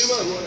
Give up.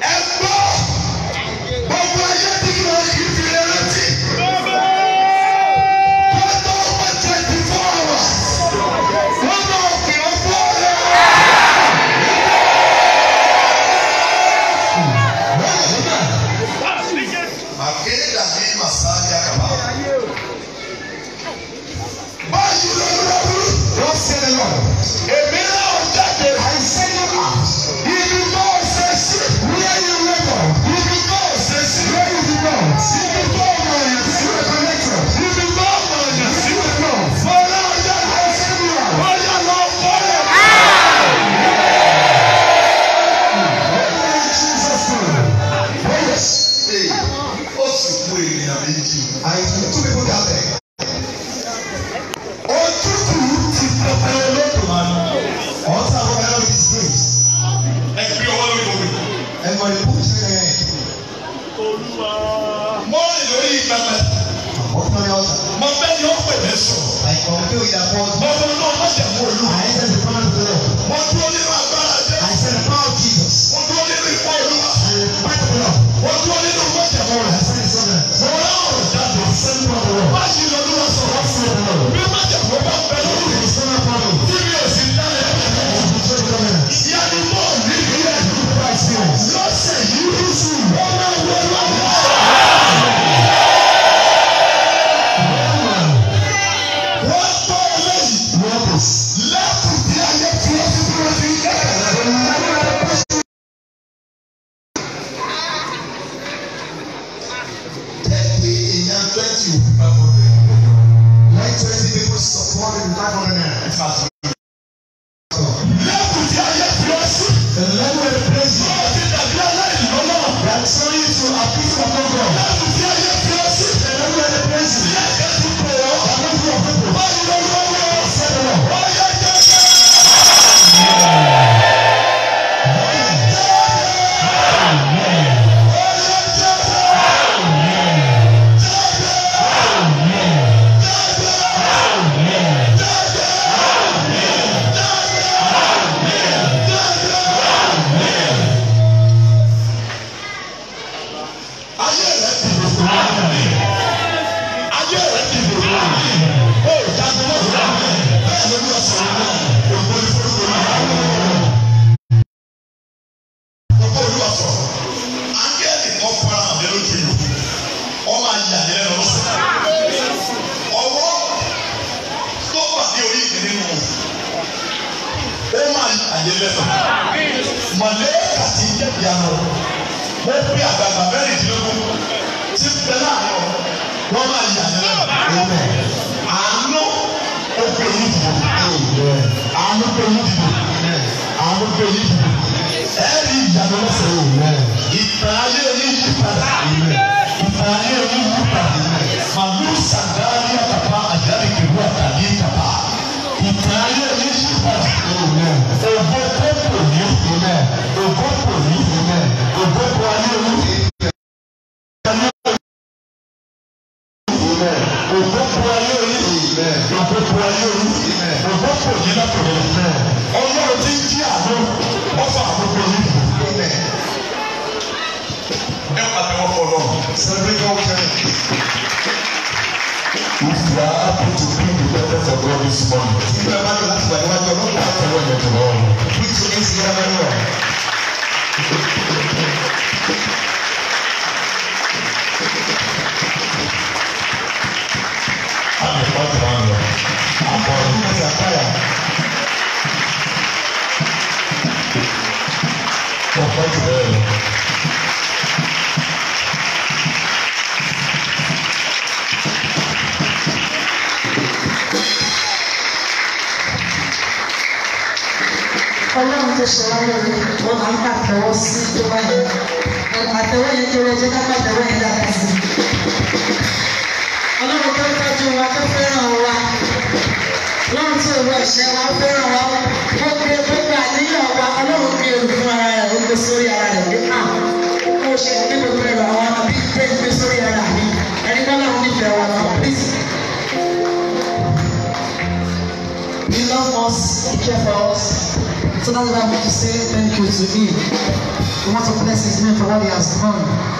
àtẹwọ́ sí us, he cares for us. So that's why I want to say thank you to him. We want to bless his name for what he has done.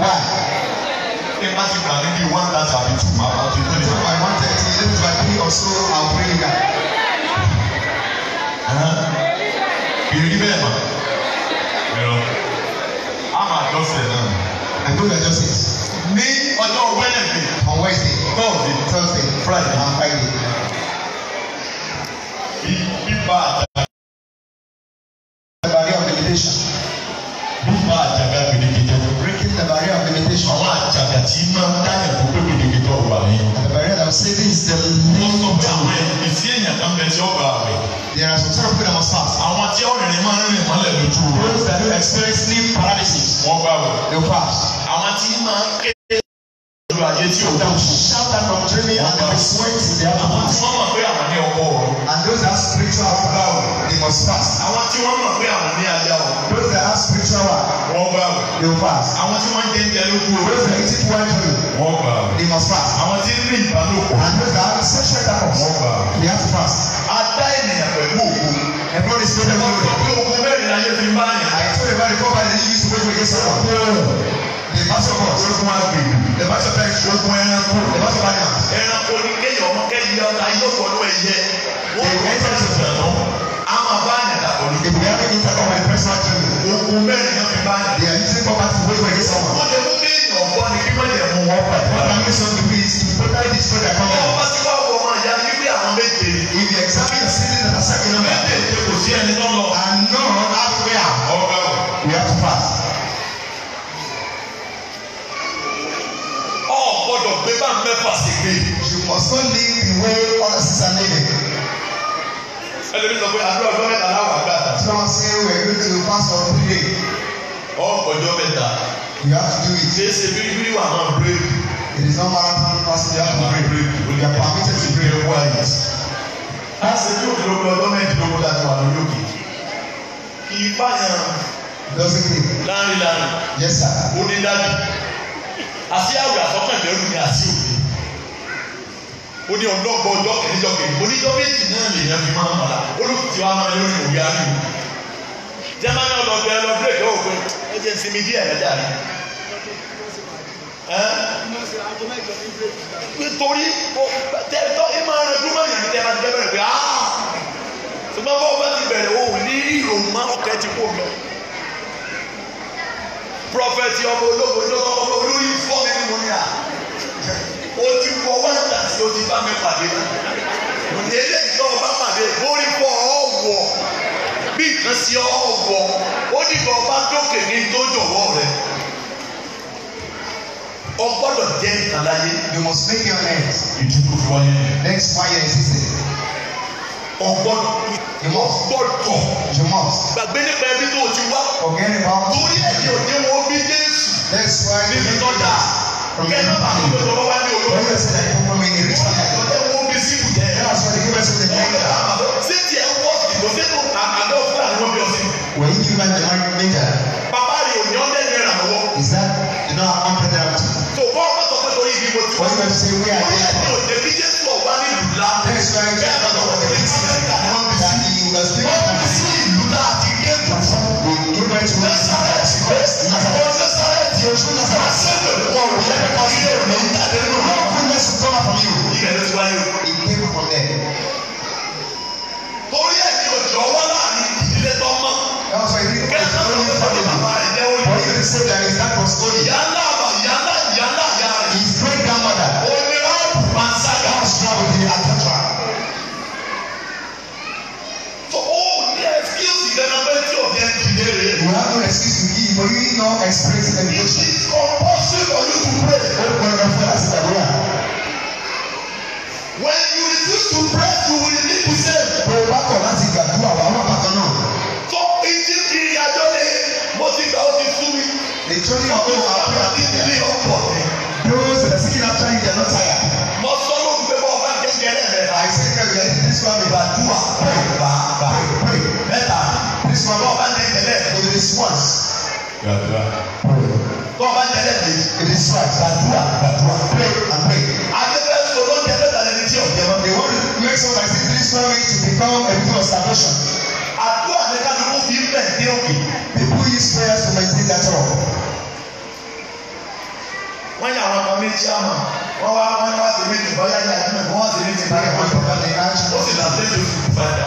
why Imagine má ti gbà that one thousand àbí two ma ma tún lórí. by one thirty eight by or so our pray. You bẹ́ẹ̀ ma ẹ̀rọ a máa I'm a justice. náà. I know that justice. is. ní ọjọ́ Wednesday. on Wednesday. Thursday. Thursday. Friday. and Friday. Be bá a. tí máa ń dá ẹ̀kọ́ pé gbèdéke tó wà ní. àbẹ̀rẹ̀ náà ṣe this is the main àwọn ìfi èèyàn kan bẹ tí ó bá there are some sort of people that must àwọn tí ó rìnrìn máa ń rìn mọ́lẹ̀ lójú rẹ̀. those that do experience sleep paralysis. wọ́n bá wẹ̀. they fast. àwọn tí máa ń ké ìlú ayé tí o dáhùn. shout out from dreaming and the sweat in their mouth. wọ́n mọ̀ pé àwọn ní ọkọ o. and those that spiritual wọn they must fast. àwọn tí wọ́n mọ̀ pé àwọn ní ayá o. those that are spiritual wọn. wọ́n bá wẹ̀ they will fast. àwọn tí wọ́n ń jẹ́jẹ́ ló kú o. those that eat it well too. wọ́n gbà. they must fast. àwọn tí ń rí ìbálòpọ̀. and those that have sexual intercourse. wọ́n gbà. they have to fast. a dá ènìyàn pẹ̀lú òkú. ẹ̀fọ́ ni sinmi ló lò. ọ̀pọ̀ òkú mẹ́rin láyé fi bá yẹn. àìtó ìbá ni kọ́ba ni yíyí sọ́kọ́ ìgbésẹ̀ sọ́kọ́. the pastor was ló fún wa gbè. the pastor fẹ́ ló fún ẹranko. the pastor fẹ́ yàn. ẹranko ni kéèyàn ọmọ kẹ́yìn ọ̀la yóò fọ́nú ẹ̀yẹ. wọ́n kọ́ ogun mẹ́rin náà fi they are using property to wey dey sọ̀rọ̀. wọ́n lè mú kí èèyàn bọ́ ni kí wọ́n lè mú wọn pa. what am I to you is to totally destroy their company. wọ́n bá ti wá you ọmọ ìyá wíwí àwọn méje. if you examine the city that are second number. méjèèjì kò sí ẹni tó lọ. and no halfway am. ọba wọ. we have to pass. ọ̀ gbọ́dọ̀ gbé bá mẹ́fà sí gbé. you must not live the way others are living. ẹlẹ́mi sọ pé àdúrà ọjọ́ mẹ́ta láwàá gbà tí wọ́n ṣe ń going to ti o pass on three day. ọ̀pọ̀jọ́ mẹ́ta. you have to do it. ṣe é ṣe bíríbírí wà máa brave. it is not marathon pass you have to brave. We are permitted to brave ẹ̀kọ́ ayé. a ṣe bí òkèlógún ọdún mẹ́ẹ̀ẹ́dínlógún láti wà lórí òkè. kì í pààyàn. doesn't mean. láàrin láàrin. yes sir. onídàájú. àti àwẹ̀ àfọ́kànlẹ́rù ni àti òkè ó ní ọlọ́gbọ́n ọjọ́ kẹjọ kẹjọ oníjọ́ méjì náà lè yẹn fi máa ń padà olùkùtì wa máa yọ ìwòye àlù jẹ́má ní ọlọ́gbẹ́ ọlọ́gbẹ́ ìjọ òfin ẹ jẹ́ sinmi díẹ̀ lẹ́dà rẹ̀ nítorí tẹ́tọ́ ẹ máa rẹ dúró yìí tẹ́ máa ti bẹ̀rẹ̀ pé ṣùgbọ́n bọ́ọ̀ bá ti bẹ̀rẹ̀ o ní ìrònú ọkẹ́ ti kó lọ prọfẹtì ọmọ olóògbé ọmọ olórí fọ́ mi ni mo ní à o ti wọ wá ìgbà tí o ti bá mi pàdé òní eléyìí tó o bá pàdé mórí fọ ọ wọ bí nǹkan sí ọ wọ ó ní kí ọba dókè ní tó jọ̀wọ́ rẹ o gbọ́dọ̀ jẹ́ ìtàláyé. you must make your next. ìdúró fún ọ yẹn. next fire is easy ọgbọ́dọ̀ ọgbọ́dọ̀ gbàgbé nípa ẹbí tó o ti wá torí ẹ̀jẹ̀ òní wo bí Jésù níbi tó dáa kẹ́ńtà bá tó tó lọ́wọ́ wá ní olóògbé sẹ́yìn ọ̀dọ́ wo bí síbù jẹ́ ṣé tiẹ̀ wọ́ ìbò ṣé tó ta àná fún àwọn ọmọ ọ̀sìn. wẹ̀yí kí n bá jẹ́ wọn níjà. bàbá rẹ̀ ò ní ọ́ndẹ̀ ní ìrànlọ́wọ́. is that you know how much that is. tó bọ́ ọ̀pọ̀ sọ pé torí ibi mo ti. wọ́n yóò ṣe wí àdéhùn. wọ́n yóò ṣe wí àdéhùn. Nazareth He came from there. Orí ẹ̀ ni òjò wọ́n láàrin ìdílé tó mọ́. Kẹ́sàn-án ló ń sọ̀rọ̀ bàbá rẹ̀ lẹ́wọ̀n. For you to say that is story. Yálà yálà yálà yára. His great grandmother. Omi ọ̀pù máa ń sáyà. That was So ó ní excuse no excuse to give for you no express education. it is compulsory for you to pray. when you refuse to pray you will need to say. bó o bá kọ̀ láti gbàdúrà wà wà bákan náà. tó ìdí kiri àjọ lè mo ti gbà ó ti sú mi. nítorí ọ̀pọ̀ àwọn àti ìdílé ọ̀pọ̀ mi. those that seek after you dey not tired. mo sọ lóun pé mo bá gẹ́gẹ́ rẹ̀. àìsí kẹ́kẹ́ this one be bad. is what. gbàdúrà. tó o bá jẹ ẹ lẹ́yìn it is what. gbàdúrà gbàdúrà pray and pray. afẹ́fẹ́ sọ ló ń jẹ bẹ́ẹ̀ tàbí ẹni tí ò jẹ mọ́. they want to make sure that this marriage to become a people of salvation. àdúrà ní kálukú fi ń bẹ̀ ní òkè. people use prayers to maintain that up. wọ́n yà àwọn ọmọ méjì àmà wọ́n wá wọ́n wá sí méjì bọ́yá ní àdúrà wọ́n wá sí méjì báyà wọ́n tó bá ní àjù. ó sì dá sí méjì fún ìfàdà.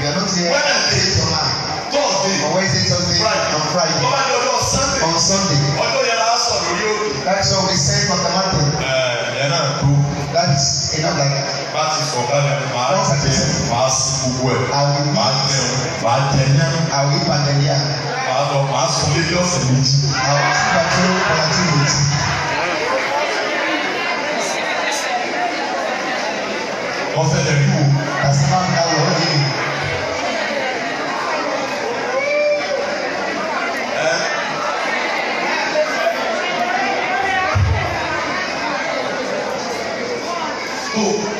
You are not here. Wednesday. Ah. Thursday. On Wednesday, Thursday. Friday. On Friday. Ó bá di Sunday. On Sunday. Ọjọ́ yẹn la sọ̀rọ̀ yóò. That's what we say from the mountain. Ẹ̀ẹ́dẹ̀ náà tó. That is enough like that. Bá for sọ dáadáa, màá jẹ, màá sí gbogbo ẹ̀. Àwọn ìlú. Màá jẹ màá jẹ ní. Àwọn ìlú Pàtẹ́líà. Màá lọ, màá sọ lórí ọ̀sẹ̀ méjì. Àwọn ìlú Pàtẹ́líà kọ̀ọ̀lá tí mo ti. Ọ̀sẹ̀ tẹ̀lé wò. Kàṣí máa ń dáwọ̀ ọ́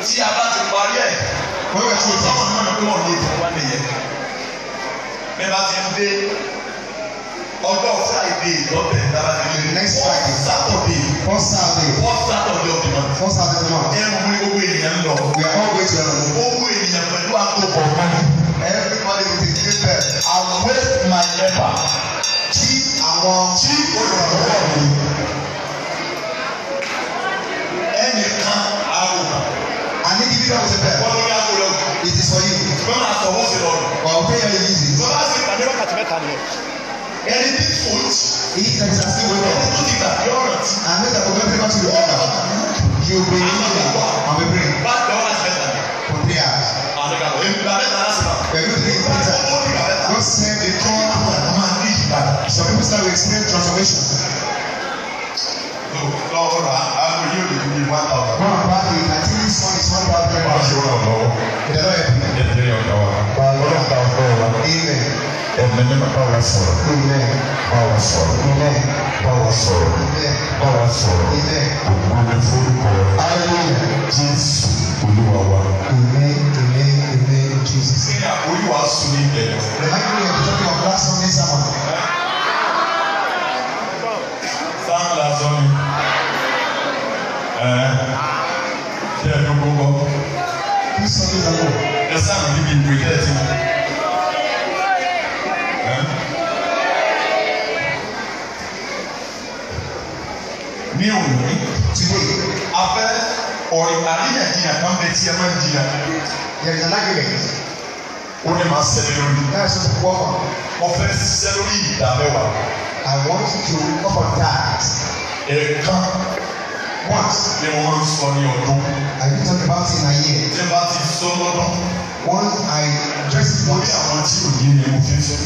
tí a bá ti parí ẹ̀ wọ́n yẹ kó táwọn náà pé wọ́n lè fún wa nìyẹn bẹ́ẹ̀ bá ti ń dé ọjọ́ friday lọ́bẹ̀ dára next friday saturday first saturday first saturday of the month Four saturday of the month ẹ̀rù ní gbogbo ènìyàn lọ we are all going to ẹ̀rù gbogbo ènìyàn pẹ̀lú àkókò kan everybody will be given I wait my leper tí àwọn tí olùrànlọ́wọ́ mi. ṣùgbọ́n máa sọ wọ́n sí lọ́rùn. wà á pay your easy. bọ́lá sí ìpàdé wákàtí mẹ́ta nìyẹn. ẹni tí foot. èyí kan ti àti wẹ́wẹ́. ẹni tó ti gbà bí ọ̀rọ̀ tí. àmì ìdàgbọ́ bẹ́ẹ̀ bí wọ́n ti wọ́n kà. yóò gbé yín ní àwọn bẹ́ẹ̀ bá a gbà wọ́n àti mẹ́ta. for prayer. àwọn ìgbà mẹ́ta láti bá. pẹ̀lú three quarter. God said the call upon man is bad. some people start to experience transformation. lọ́wọ́ rà á kò yóò lè ní one thousand. wọ́n á bá a kì í àti this one is one thousand. wọ́n á ṣe wọ́n lọ́wọ́. Eminem powerful. Powerful. Powerful. Powerful. Ògùn ní forúkọ Jésù Olúwa wa. Olúwa sùn ní ìbẹ̀rẹ̀. Remind me of the topic of last Sunday sermon. Sáà lásán ni. Ṣé ẹ dúró kọ́? Kí sọ́dún náà lọ? Ẹ sáà níbi ìwé tẹ́tí. ní òní ti wé abẹ́ ọ̀rẹ́ àríyànjiyàn kan bẹ tí a máa ń jiyàn. There is an argument. Ó ní máa ṣẹlẹ̀ lórí. That is why mo fẹ́ ṣiṣẹ́ lórí ìdá I want to offer that. Ẹ̀ẹ̀kan once ni wọ́n ń sọ ní ọdún. I will talk about it in a year. Ṣé bá ti sọ lọ́dún? One I just want. Mo ní àwọn tí ò ní ni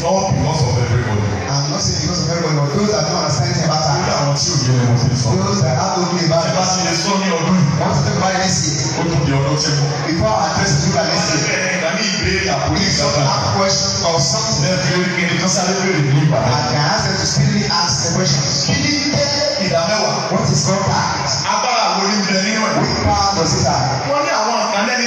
not because of everybody. I'm not saying because of everybody but those that don't understand the matter. Mo ní àwọn tí ò ní ni mo fi sọ. Those that have no clue about it. Ṣé bá ti lè sọ ní ọdún yìí? Wọ́n ti fẹ́ bá yẹn sí. Ó tún di ọdún tí mo. Before I address you by this day. Ìgbà ní ìbéèrè àpòlí ask question or something. Ṣé fi orí kiri kan sáré lórí ìlú Ìbàdàn? I can ask them to still the question. Kí What is God? Agbára wo ni bẹ nínú ẹ̀? Which power does it have?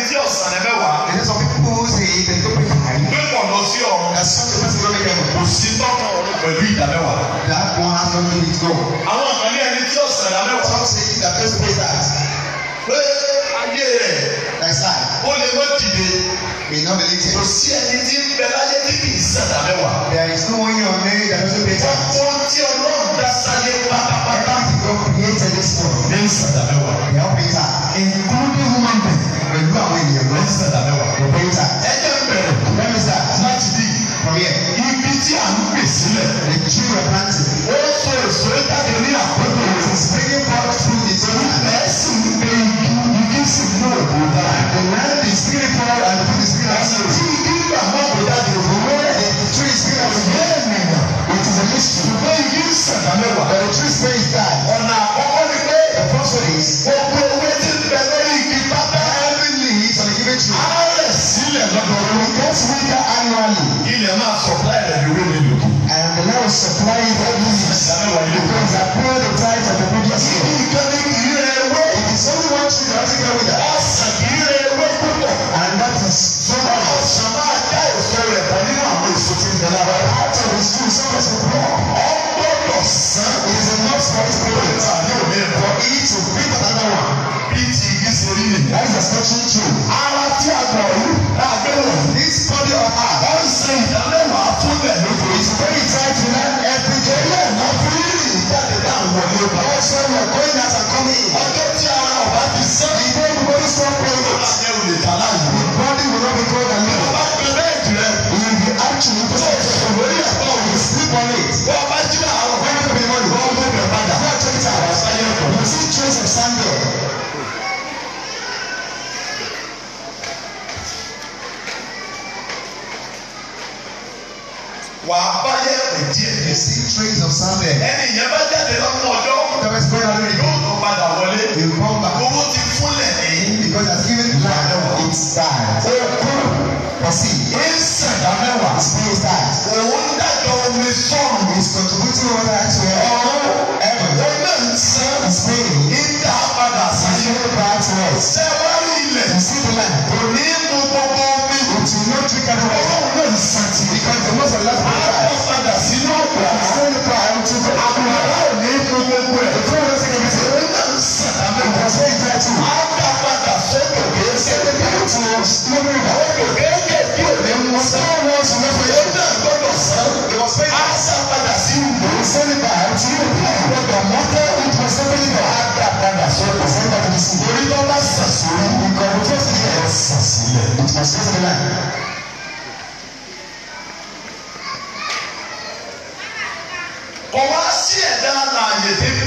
tí ọ̀sán ẹ mẹ́wàá. there is some people who say they don't pay for it. pé wọ́n lọ sí ọ̀run. na such a person don make them. kò sí tọ́kọ̀ ọ̀run pẹ̀lú ìdá mẹ́wàá. that one has no limit go. àwọn kan ní ẹni tí ọ̀sán ẹ mẹ́wàá. some say that person pay that. pé ayé rẹ̀ ẹ sá. ó lè wọ́n dìde. may not be late. kò sí ẹni tí ń bẹ láyé tí kì í sàdá mẹ́wàá. there is no one here on earth that doesn't pay tax. wọ́n tí ọlọ́run dá sáyé pátápátá. everything God created this world. ní sàdá mẹ́wàá. they all pay tax. including human being. pẹ̀lú àwọn ènìyàn lọ. ní sàdá mẹ́wàá. they pay tax. ẹjẹ bẹ̀rẹ̀. let me start. láti bí. from here. ibi tí a ń gbè sílẹ̀. the tree were planted. ó sọ èso ìtàgé ní àkókò. it is bringing forth fruit eternal. ẹ̀sìn should know that the land is still poor and food is still absent. Tí irú àwọn àbúdá di òwúrọ̀ the tree is still it is a mystery. Ṣùgbọ́n yìí ń sàtàmẹ́wà. But the tree is still expression later ní òní ẹ̀kọ́ èyí tó bí tàdádá wà bí ti yí sí orí mi. that is expression two. ara tí a gbọ̀ yìí náà gbẹ̀rẹ̀ this body of ours. wọ́n ń ṣe ìdánlẹ́wàá fún ẹ̀ lóko. it's very tight to learn every day. ilé ẹ̀ná fúlì jáde náà wọlé o. wọ́n sọ yẹ going out and coming in. ọjọ́ tí ara ọ̀bá ti sẹ́. ìdé ìgbóni sọ́kùnrin. ó máa jẹ́ olè tàlá yìí. you see trace of Samuel. ẹni ìyẹn bá jáde lọ́nà ọjọ́. tẹ́lẹ̀ tí bóyá lórí. yóò tó padà wọlé. he will come back. owó ti fúnlẹ̀ ní. because he has given life it died. ó kú pọ̀sí. ẹ̀sẹ̀ dámẹ́wàá. spirit died. òun dájọ́ omi sọ̀rọ̀. he is contributing water to air. ọ̀rọ̀ ẹ̀rọ. ó náà ń sẹ́. spirit. ìdá padà sí. he is going back to us. sẹ́wárí ilẹ̀. you see the land. kò ní mú gbogbo omi. kò tún ló ti kẹ́rù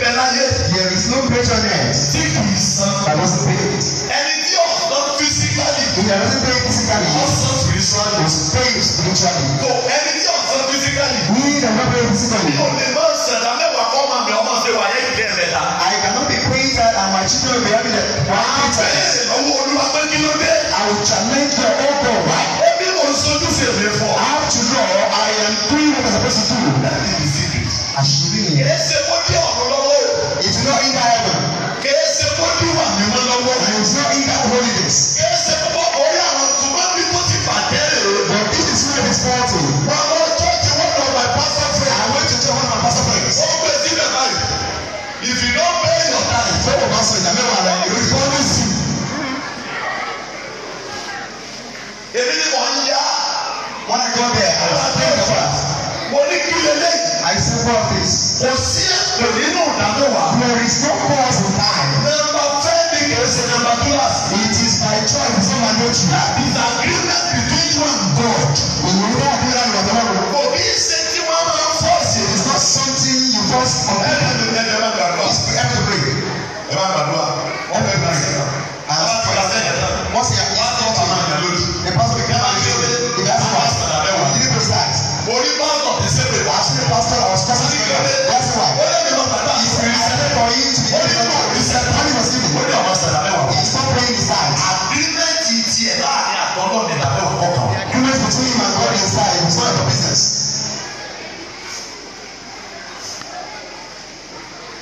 bẹ there is no great honest. tí kì í san. that was paid. ẹni tí ó lọ physically. he has been paid physically. ó san spiritually. was paid spiritually. so ẹni tí ó san physically. We has not paid physically. mi ò lè máa ṣẹ̀dá mẹ́wàá kọ́ máa mi ọmọ ṣe wà yẹn ìdí ẹ̀rẹ̀ dá. I cannot be praying and my children will be having a one time. owó olúwa pé kí ló dé. I will challenge your own God. ẹbí mo ń sojú sí èmi fún. after all I am doing what I suppose to do. that is the secret. àṣírí nìyẹn. prophets. Kò sí èpè nínú ìdámẹ́wàá. There is no cause to die. Nọ́mbà fẹ́ ni kìí ṣe nọ́mbà kílàsì. It is by choice fún ma ló jù. That is agreement between you and God. Ìwúrọ̀ àbúrò àgbà náà. Kò kí ń ṣe kí wọ́n máa fọ́ọ̀sì. It is not something you just. Ẹ̀ẹ́dẹ̀gbẹ̀rẹ̀ ẹ̀ẹ́dẹ̀gbẹ̀rẹ̀ ẹ̀ẹ́dẹ̀gbẹ̀rẹ̀ ẹ̀ẹ́dẹ̀gbẹ̀rẹ̀ ẹ̀ẹ́dẹ̀gbẹ̀rẹ̀ mẹ́fà. ó lé mi lọ bàbá. ìfẹ́ ìṣẹ̀lẹ̀ kan yìí ti. ó ní kò rí sẹ́ tani mọ̀ between you and God inside is not your business.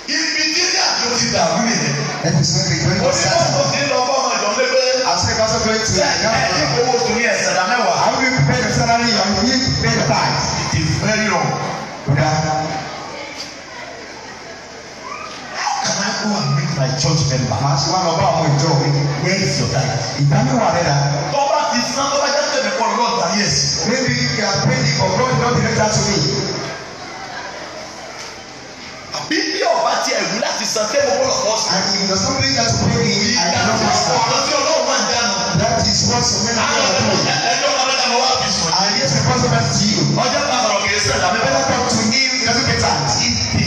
ibi dídí àjọ ti dà wí nìyẹn. ẹ ti sọ pé ìwé ìwé sáà. ó ní kó sọ àṣẹ ìbáṣọ tó ti ẹ̀ and you pay the it is very wrong. Uh, go and meet my church member. màá ṣe wá lọ bá àwọn ìjọ mi. where is your tithe. ìdámẹ́wàá rẹ dà. tó bá fi san tó bá jẹ́ tẹ̀lé kọ́ lọ́ọ̀ tà yẹs. maybe you are praying for God not the let to me. àbí bí ọba ti ẹ̀rù láti san tẹ́ mo wọ́n lọ fọ́ sí. and if the somebody that you pray in i do not understand. ọ̀dọ́ tí ọlọ́run máa ń dáná. that is what some men are doing. ẹjọ́ ọ̀rẹ́ dàgbà wá bí sùn. and yes the consequence to you. ọjọ́ kan sọ̀rọ̀ kì í sẹ́yìn. the better talk to him doesn't matter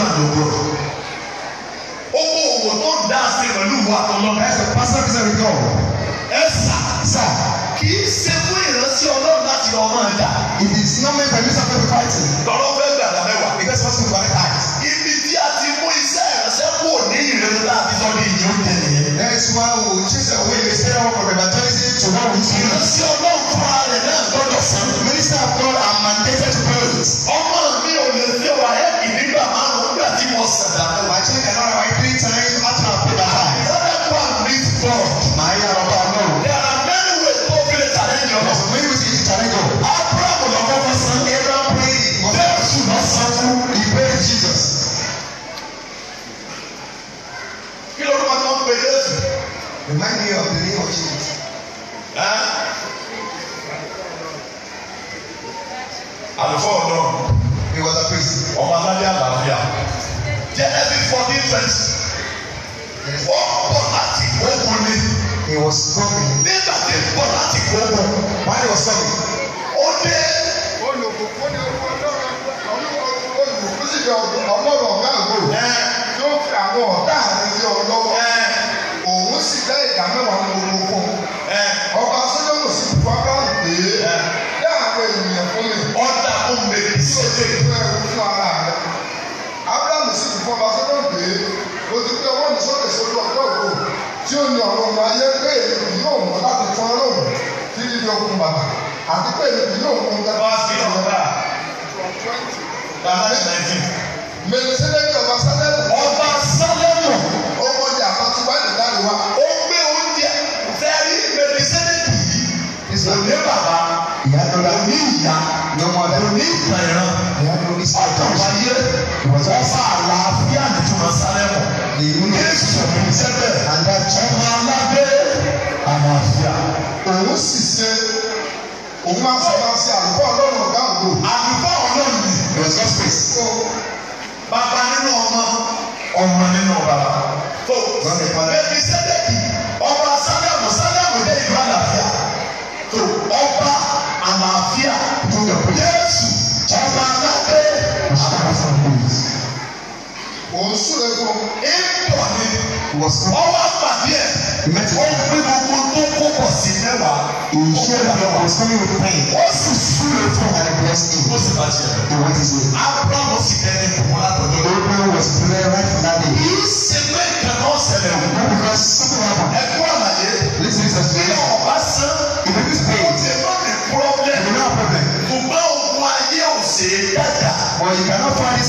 believer in God. Owó òwò tó dá sí pẹ̀lú ìwà àtọ̀lọ́ ẹsẹ̀ pásítọ̀ kìsẹ̀ rí kọ́ ẹ sà sà kì í ṣe fún ìrántí ọlọ́run láti lọ ọmọ ẹ̀dá. It is not meant by Mr. Pepe fighting. Tọ́lọ́ fẹ́ gbàdá mẹ́wàá. It is possible by eyes. Ibi tí a ti mú iṣẹ́ ìránṣẹ́ kúrò ní ìrẹ́lú láti sọ ní ìyẹn oúnjẹ nìyẹn. That is why we will chase away the serial of evangelism to now reach you. Ìrántí ọlọ́run fún ara rẹ̀ náà gbọ́dọ̀ fún. Minister of God are mandated to present. Ọmọ Remind me of the name of Jesus. Huh? And before ọ̀dọ́ he was a priest. Ọmọ aládé àlàáfíà. Jẹ́ ẹbí for difference. Wọ́n bọ̀ láti gbógun ni. He was coming. Nígbà tí ń bọ̀ láti gbógun. Why he was coming? Ó dé. Olùkókó ni owó ọlọ́run olùkókó sì jọ ọmọ ọ̀gá àgbò. Tó fi àwọn ọ̀tá àti ìjọ lọ́wọ́ jẹ́ ìdá mẹ́wàá ní gbogbo fún ọba sọ́jọ́nù sì fún abraham pé yá àwọn ènìyàn fún mi. ọ̀dà kò mèrè sí òde. ìfẹ́ ẹ̀rù fún ara rẹ̀ abraham sì fún ọba sọ́jọ́nù pé o ti ọwọ́ mi sókè sórí ọ̀pẹ́ òkú tí ó ní ọ̀rọ̀ ọmọ ayé pé èmi yóò mọ̀ láti fún ọlọ́run kí lílé okun bàbà àti pé èmi yóò mọ̀ nígbà tó ti sọ̀rọ̀ bàbá ṣe ọba sálẹ̀mù. ọba sálẹ̀mù. ó kọjá ìdáríwá. sàn. òní bàbá ìyá tó dá. òní ìyá lọ́mọ rẹ̀. òní ìpẹ̀rẹ̀ ìyá tó ní sàn. ọjọ́ wáyé ọba àlàáfíà nìtú ma sálẹ̀ mọ̀. Jésù sẹ́bẹ̀ ọmọ aládé àlàáfíà. Òun sì ṣe òun máa sọ máa ṣe àlùfáà ọlọ́run ọ̀gá òdo. Àlùfáà ọlọ́run ni Bẹ̀sọ̀ Fèsì. Bàbá nínú ọmọ. Ọmọ nínú bàbá. Tó bẹ́ẹ̀ ni sẹ́dẹ̀kì. òṣùlẹ̀ fún ẹ pọ̀ ni ọwọ́ àpàdé ẹ̀ ó pé gbogbo tó kó pọ̀ sí mẹ́wàá. òṣùlẹ̀ fún ọ̀sán yóò pẹ́ yìí. ó sì súlẹ̀ fún àìbọ̀sì. ó sì bá tiẹ̀. ìwọ́n ti ṣe. abrahamu sì dẹni ìbùkún látọ̀jọ́. abrahamu was clear right from that day. kì í ṣe pé ìkànnì ọ̀sẹ̀lẹ̀ wò. ó kọ́ sọ́kùn àpò. ẹ kú àlàyé. listen to me. ẹ ọ̀bá sán. ìbí ti pè é. ó ti má ní problem. ìbí náà problem. ṣùgbọ́n òkun ayé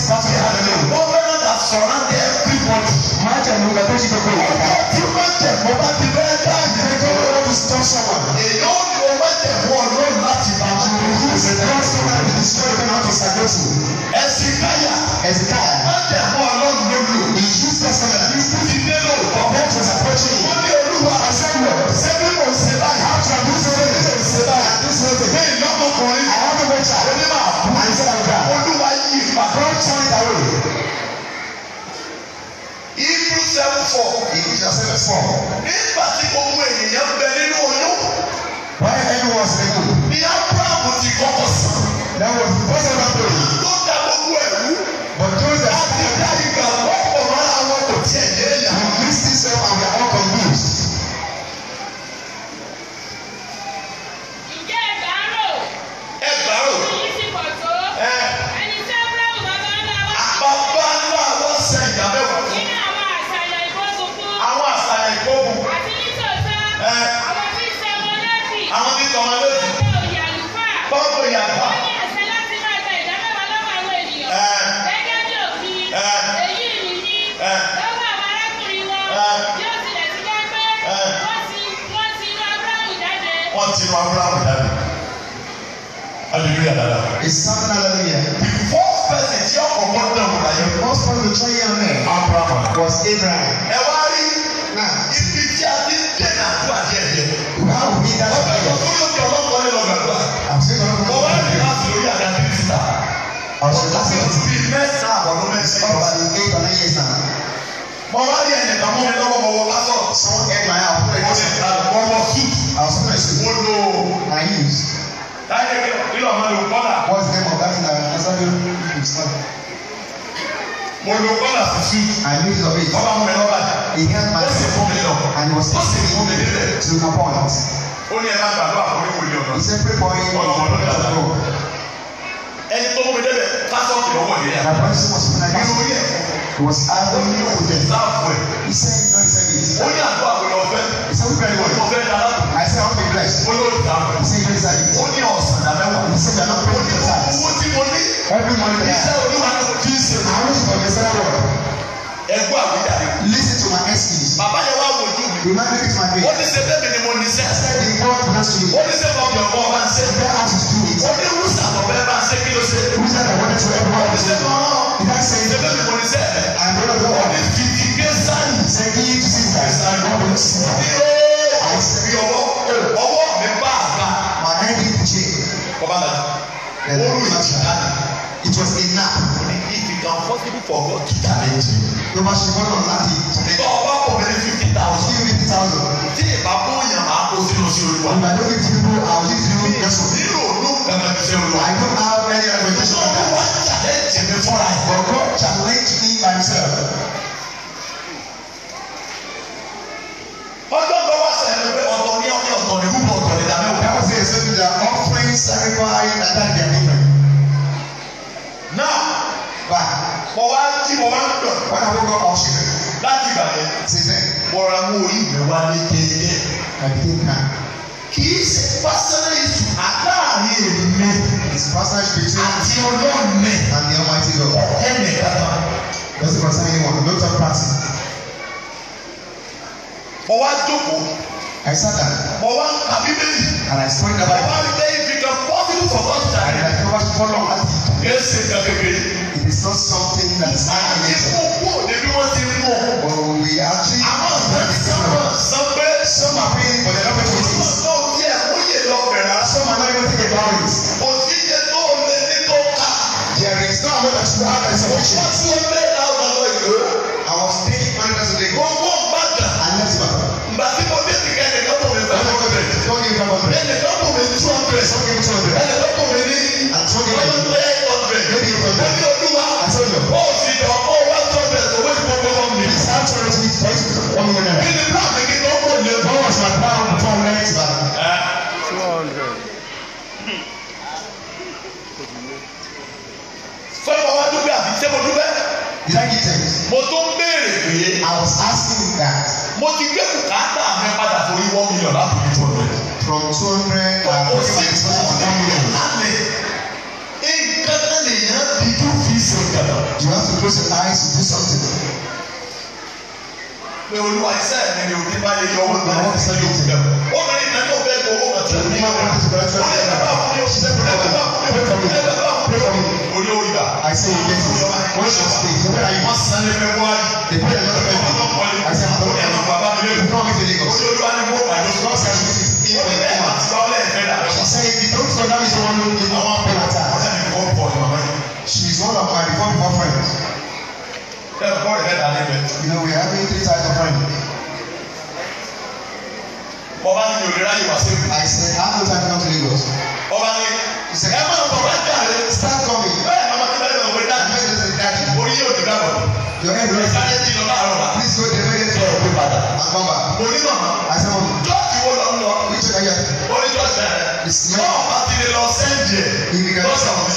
ò that surround everybody. májẹ̀mú kan tó ti fi kó ìwà. tí májẹ̀mú bá ti fẹ́ dá ìdílé tó lọ́wọ́ tó sọ sọ́wọ́. èyí ó lo májẹ̀mú ọlọ́run láti bá wọn. ìṣe tó ń sọ́wọ́ ní ìṣòro ìgbìmọ̀ tó ṣàkóso. ẹ̀sìn káyà. ẹ̀sìn káyà. májẹ̀mú ọlọ́run ló lò. ìṣú tẹ̀sán ìṣú ti dé lóòótọ́. bẹ́ẹ̀ tó ṣàkóso. wọ́n ní olúwa àṣẹ́wọ̀ sẹ́bí mò ń ṣe báyìí. àṣà àdúgbò seven four. Ìjà seven four. Nígbà tí gbogbo ènìyàn bẹ nínú oyún. Why everyone say in the Ní Abraham ti kọ́kọ́ sàn. That was the first time I prayed. Tó da gbogbo ẹ̀rú. But those that. Àti dá wọ́n. ọlọ́run ti nu abrahamu jáde hallelujah dada. ìsáfù náà lọ́dún yẹn. the first person tí ọkọ̀ọ̀kan náà wò láyé. the first person to try yam ẹ̀. Abraham was Abraham. ẹ wá rí ibi tí a ti dènà àti àjẹ́ yẹn. wàá wù mí dáadáa. ọbẹ̀ tó tó yóò tọ̀ lọ́kọ̀ọ́ nínú ọgbàgbà. àti ọlọ́kọ̀ọ́. mo wá rí láti orí àga kírísítà. ọ̀sẹ̀ láti bí mẹ́sàn-án àbọ̀dún mẹ́sàn-án. ọba ní eight or years now. mo wá rí ẹ̀yẹ̀ kan mú mi lọ́wọ́ mo ti àwọn sọ́kà ṣe wọ́n lo my news. láyé kí ló máa lo kọ́là. what's the name of that na nasabe news sorry. mo lo kọ́là tuntun. i use of it. ọba mo he help my son. ó sì fún mi lọ. and he was taking me to the point. ó ní ẹ máa gbàdúrà fún mi kò ní ẹni tó mú mi débẹ̀ pásọ̀tì lọ́wọ́ yẹn. na price was like that. ìròyìn ẹ̀ it was avenue yeah. with the staff well. he said no he said yes. ó ní àgọ́ àgbẹ̀lẹ̀ ọ̀fẹ́. he said very well. mo fẹ́ dára. I said I wan be blessed. ó ló dà mọ́. he said yes I did. ó ní ọ̀sán dàbẹ̀wọ̀. he said I don pay the tax. owó tí mo ní. every month. iṣẹ́ olúwa ni mo jí ṣe. I wish for the salary. ẹgbẹ́ àwíjà. listen to my excuse. bàbá yẹn wá. The man is married. What is the baby ni mo ni sẹ? I said the God bless you. What is the baby of God man sẹ? The ass is too easy. What is the wusa of baby man sẹ kí ló sẹ? Wusa the one to everyone. What is the mama? He can say. The baby mo ni sẹ. I don't know what. What is fifty grade sand? Ṣé kí yín ti sá ìsá God bless you? Yóò àìsí ọwọ́ ọwọ́ mi bá a bá. Màá ní ìdíje. Bọ́lá it was enough if you can possibly for God to challenge you. ló bá ṣe gbọ́dọ̀ láti tẹ̀lé. tó o bá kò bẹ̀rẹ̀ fifty thousand. fifty thousand. tí ìbá kó yàn máa kó sínú sí olúwa. ìgbà tó fi ti kú àwọn yìí ti rún yẹsùn. nínú ònú kankan ti ṣe olúwa. I don't have any expectation. so wọ́n wá challenge mi fúnra ẹ̀. but God challenge me myself. ọjọ́ kan wá sẹ́yìn pé ọ̀tọ̀ ní ọ̀tọ̀ ní púpọ̀ ọ̀tọ̀ ní ìdámẹ́wò. that was the reason that offering sacrifice and that their tí mo máa ń gbọ̀n. when I woke I was sleeping. láti ìgbà yẹn. since then. mo ra mú orí ìwé wá ní déédéé. I kì í ṣe personal issue àláàrin èmi. it's personal issue. àti ọlọ́run mi. and the almighty God. ẹnì kata. doesn't concern anyone no third party. mo wá jókòó. I sat down. mo wá ka bíbélì. and I spoke about it. mo wá rí pé possible for God fọlọ́ ẹsẹ̀ ìgbà kékeré. it is not something that is not nature. àti mú kú níbi wọ́n ti mú. but we actually. àmọ́ sẹ́ni sọ́mọ sọ́pẹ́ sọ́mọ pé ọ̀dẹ̀ lọ́pẹ́ tó ti. sọ́mọ tó yẹ ó yẹ lọ bẹ̀rẹ̀ sọ́mọ náà yóò tẹ̀lé bá rẹ̀. kò sí iye tó lé ní tó ká. there is no amount of time that is sufficient. wọ́n ti lé àwọn ọmọ ìlú. ẹnì kan kò mí two hundred sọ́kì two hundred ẹnì kan kò mí ní hundred. one hundred hundred lórí ìpàdé ní olúwa ó fi dàn ó one hundred owó tí mo gbé wọn mi. this house church is first one hundred. kí ni plan mi kí ló kò lè bọ́ wọ́n sọ àgbà wọn fún ọmọ ẹ̀ tìbà. two hundred. sọ́dọ̀ wa dúpẹ́ àbí ṣé mo dúpẹ́. thank you thank you. mo tún béèrè pé. I was asking that. mo ti gbé kùkà tá a mẹ́ padà torí one million láti fi tó lọ from two hundred and six thousand dollars. You have to close your eyes to do something. Pé olúwa iṣẹ́ mi ni òbí bá lè yọ owó náà wọ́n ti sẹ́yìn òtún dẹ̀. Obìnrin náà yóò bẹ́ẹ̀ gbọ́ owó àti ẹ̀mí. Olè bàbá fún mi òṣìṣẹ́ pẹ̀lú ẹ̀bẹ̀ bá fún mi òṣìṣẹ́ pẹ̀lú ẹ̀bẹ̀ bá fún mi òṣìṣẹ́ pẹ̀lú ẹ̀bẹ̀. Olè oyè bá. I say you get it. Wọ́n ṣe ṣe where are you? Wọ́n san lé mẹ́wọ́ àyè. The prayer is not very good. I say I'm not. Olè bàbá mi lè kú. Olè olúwa ni mo bàjọ́. She said, if you don't for now, it's the one who is our penalty. She's one of my before before friends. You know, we are three types of friends. Bọ́lá ni yóò dira yìí I said, I have no time to Lagos. Bọ́lá ni. He said, ẹ máa ń bọ̀ wá Start coming. Bẹ́ẹ̀ ni ọmọ tí bẹ́ẹ̀ ni ọmọ ìdájí. Bẹ́ẹ̀ ni ọmọ ìdájí. Orí yóò dira bọ̀. Your head rest. Ìsáré Please go to the make it for your father." mama. mo ní mama. àti mama. jọ́ọ̀kì wo lọ ń lọ. ní ìṣẹ̀lẹ̀ ayé. ó ní jọ́ọ̀kì rẹ̀. ìsìnkú. náà bá ti lè lọ sẹ́ǹdì ẹ̀. ìrìnkà lọ sàwọn.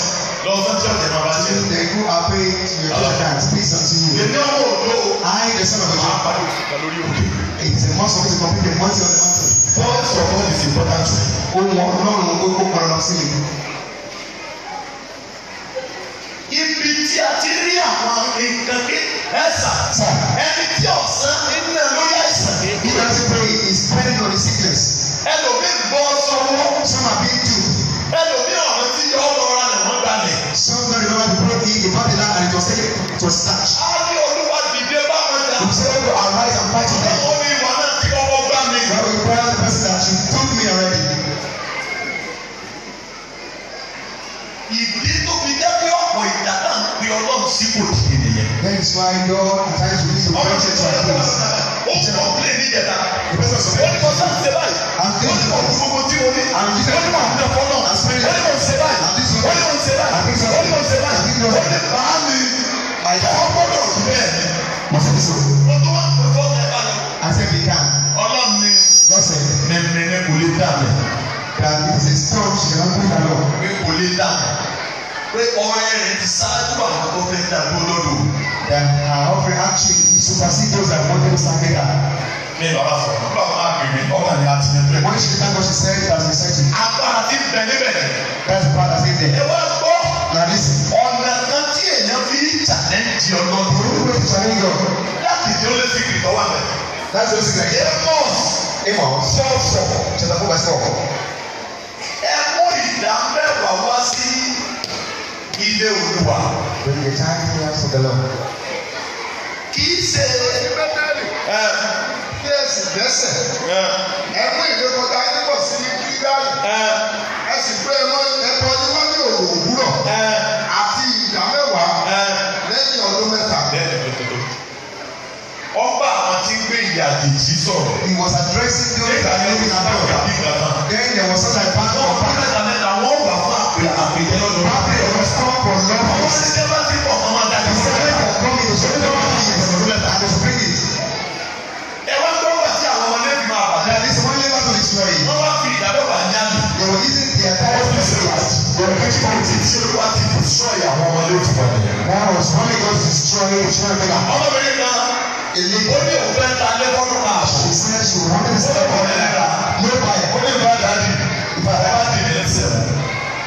lọ sẹ́ǹdì ẹ̀ bàbá ṣe. they go away to your church and please continue. èmi àwọn òdo. I the son of God. máa parí òkúta lórí òkè. it's a must of the complete the multi on the mountain. voice of God is important. ohun ọlọ́run ó kó pọn lọ sí mi. ibi tí a ti rí àwọn nǹkan kí ẹ sà ẹni tí ọ̀sán nínú ẹ̀ lóyà He doesn't pray. He's praying on his sickness. Ẹlòmí bọ́ sọ́wọ́. Some are being duped. Ẹlòmí ọ̀rọ̀ tí yọ ọ́ lọ́ra nà wọ́n dalẹ̀. Some don't remember the problem in the body that and it was taken to starch. A ní olúwa dìde bá wọn jà. He said, "Oh, arise and fight with me." Ó ní ìwà náà tí kọ́kọ́ gbá mi. Well, we pray the person that you took me already. Ìdí tó fi jẹ́ pé ọ̀pọ̀ ìjà náà pe ọlọ́run sí kòtì nìyẹn. that is why God at times we need to watch it like this. ó kọ̀ pé ní ìjẹta wọ́n ní kò sá ṣe báyìí wọ́n ní kò kú gbogbo tí mo ní wọ́n ní kò kú ọ̀dọ̀ fọlọ́ wọ́n ní kò ṣe báyìí wọ́n ní kò ṣe báyìí wọ́n ní kò ṣe báyìí wọ́n ní bá mi ọgbọ́dọ̀ bẹ́ẹ̀ ni. mo ṣe sọ. mo tó wá pé fọ́ọ̀mù ẹ̀ bá lọ. àṣẹbí ká. ọlọ́run ni lọ́sẹ̀ mẹ́mẹ́rẹ́ kò lè dà mí. that is a storm she don bring along. pé kò lè dà mí pé ọrẹ rẹ̀ ti ṣáájú àwọn tó fẹ́ dàbí olódò. that her offering actually supersede those that wanted to stand there. ní bàbá sọ̀rọ̀ nígbà wọn á gbèrè ọkàn ní àti ẹgbẹ́. when she thank God she said that we said to you. agbára ti bẹ níbẹ̀. that's the part that is there. ẹ wá gbọ́. na lis ten. ọ̀nà kan tí èèyàn fi challenge ọlọ́run. olùkọ́ ti challenge ọ. láti tí ó lé the only thing I get. amos. amos. mú ìdá wá sí ilé olúwa. when the time comes for the Lord. kì ṣe bí ẹsìn dẹ́sẹ̀ ẹ mú ìwé sí gírígàlì ẹ sì gbé ẹ mọ wọ́n ní òwò òwúrọ̀ àti ìdá lẹ́yìn ọdún mẹ́ta. ọba àwọn tí ń gbé ìyá àjèjì sọ̀rọ̀. he was addressing the only time he was about. then there was such a bad ọba. ọba mẹ́ta mẹ́ta wọ́n wà fún àbìdẹ́lọ́ lọ. Bábí ọ̀rọ̀ stop on love. Ọmọ ní kí ẹ bá ti bọ̀ ọmọ dájú. Ìṣẹ́lẹ̀ kan kọ́ mi ìṣẹ́lẹ̀ kan máa ń ṣe ìṣẹ̀lẹ̀ lẹ́tà. Àdùsùn bring it. Ẹ wá gbọ́ wá sí àwọn ọmọ lẹ́yìn máa bàjẹ́. That is one level to the story. Wọ́n wá fi ìdádọ́ wà ní àná. They were using their direct messages. They were catching up with it. Ṣé olúwa ti destroy àwọn ọmọ lórí ìwà nìyẹn? That was only God destroy children mega. Ọmọbìnrin kan, èmi ó ní òun fẹ́ ta lẹ́kọ́nù máa ṣe. She said she wanted to stay for her. Ló bá ẹ̀. Ó ní ìbáraẹni. Ìbáraẹni ti di ẹsẹ̀.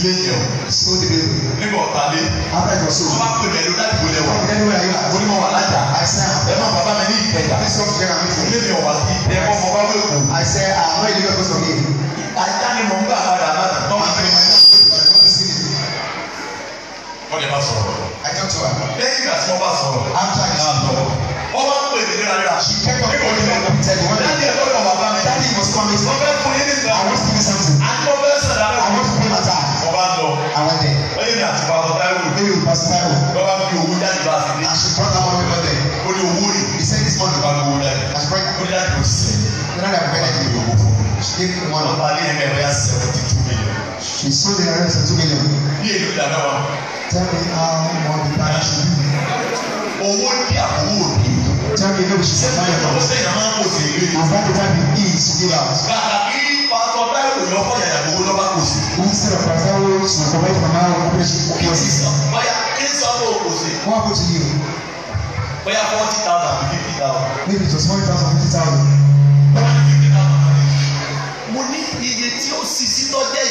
ilé yẹn o. so ti bẹ yen. nígbà ọ̀tá lé. abẹ́ jọ so. wọ́n bá pè mí ẹ̀dùn láti wọlé wa. ẹni wẹ̀ yìí la mo ní mo wà lájà. àìsàn ah, ẹ má bàbá mi ní ìtẹ̀jà. mi sọ fìyà mi fún. ilé mi ò wà sí ìtẹ̀ kọ́ mo bá wẹ̀ kù. àìsàn àwọn ìdílé kò sọ yìí. àìsàn ni mò ń gbà padà lánàá. tọ́ ma tẹ̀lé máa wọ́n lè má sọ̀rọ̀. lẹ́yìn ìgbà tí wọ́n bá sọ̀rọ̀. after I now know. wọ́n bá pè mí léra léra. she kept on calling me and tell me. dáàdi ẹ̀ lọ́dọ̀ bàbá mi. dáàdi was coming. wọ́n fẹ́ fún yín nígbà. I was doing something. àti wọ́n fẹ́ sọ̀rọ̀ àwọn jẹ. ó ní àti pásítọ̀ táìwò. ó ní pásítọ̀ táìwò. bàbá mi owó jáde bá fi dé. àṣì brought that money for them. ní owó rí. he said this money. bàbá owó jáde. àṣì brought that money. ó ní láti kò sí. ó ní láti bẹ́ẹ̀ she gave me one. bàbá alẹ́ ẹ̀rẹ́ ẹ̀rẹ́ seventy two million. she sold the rest of two million. ní èlò ìdáná wa. tell me how much the price should be. owó ní àkówó òde. Jack Enoch ṣiṣẹ́ báyọ̀ náà. Àbá mi dábì yìí ṣíṣe yà. Kàkà kí pàtó báyọ̀ lọ fọ́ yàyà gbogbo lọ́ba kò sí. Wọ́n ti sẹ́ra pàtó ṣàkóso báyọ̀ màmá wọn bẹ̀rẹ̀ ṣe kókó ẹ̀. Báyà kí n sọ fún òkòsè. Wọ́n á bó ti yẹ. Báyà forty thousand to fifty thousand.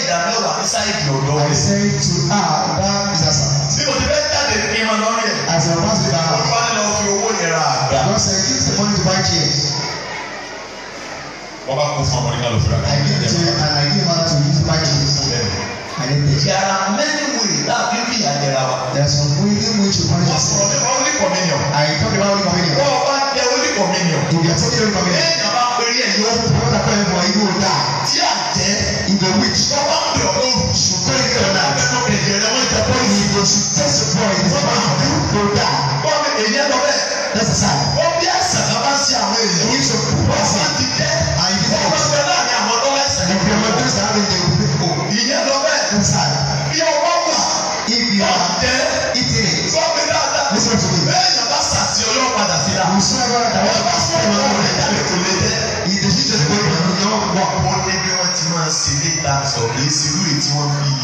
I say to her that is a. Mi lè ní ìmọ̀ lọ́rùn yẹn. As a pastor, olúwa ni lọ fi owó yẹn rà. God said, give the money to buy change. Wọ́n bá kó fún ọmọ nígbà lọ́fẹ̀ẹ́ rẹ̀. I give to you and I give out to you to buy change. There are many ways that people are there. There are some ways in which you manage. Wọ́n sọ̀rọ̀ nípa only communion. I talk about only communion. Bọ́ọ̀ bá jẹ only communion. Ìgbà tó kéré communion. Bẹ́ẹ̀ ni a bá péré ẹ̀ yóò fún. Bọ́ọ̀dà pẹ̀lú ẹ̀mọ́ a jẹ́. Ìgbà wíjì. Bọ́ọ̀ bá ń bẹ̀rẹ̀ olùdá wọn ni èyí ẹ̀dọ́ bẹ́ẹ̀. lẹ́sẹ̀sà. wọ́n bí ẹ̀sẹ̀ kan bá ń ṣe àwọn èèyàn. kì í ṣe kú. wọ́n sì ti jẹ́ àyíká. wọ́n ṣe náà ni àwọn ọ̀dọ́ ẹ̀sẹ̀. ìbí ọmọ ẹgbẹ́ sáré ní ìwé kò. ìyẹn lọ bẹ́ẹ̀. lẹ́sẹ̀sà. bí ọwọ́ wà. ibi ọ̀ jẹ́ ìtìrì. sọ́ọ̀bì dáadáa. bẹ́ẹ̀ yẹn sàtì ọlọ́ọ̀ padà sí la. ìdèjì tẹ̀síwájú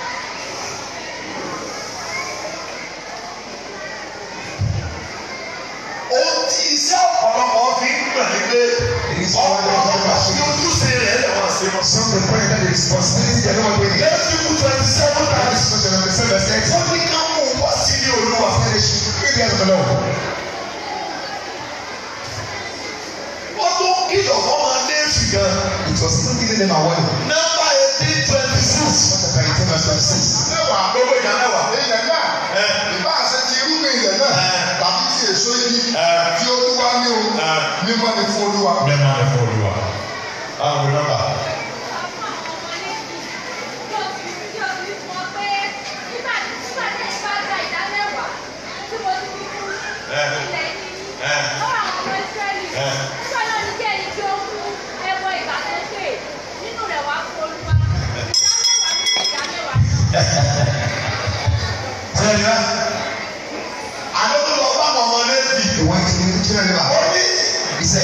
lọ́wọ́. wọ́n tún kìlọ̀ fọ́mọ nẹ́ẹ̀sì gan. ìtọ́sí kí ni màá wọlé. nọ́mbà eighteen twenty six. nọ́mbà eighteen twenty six. mẹ́wàá gbogbo ìjà mẹ́wàá. ilẹ̀ náà ìbá àṣẹ ti irúgbìn ilẹ̀ náà tàbí ti èso ibi tí olúwa ní o mímọ́ ni fún olúwa. mímọ́ ni fún olúwa. àwọn nọ́mbà. Tẹ̀lé wa. Àdókò lọ bá àwọn ọmọ lẹ́sìn. Ìwọ ti ní kíkẹ́ rẹ̀ bá. Ó ní ìṣe.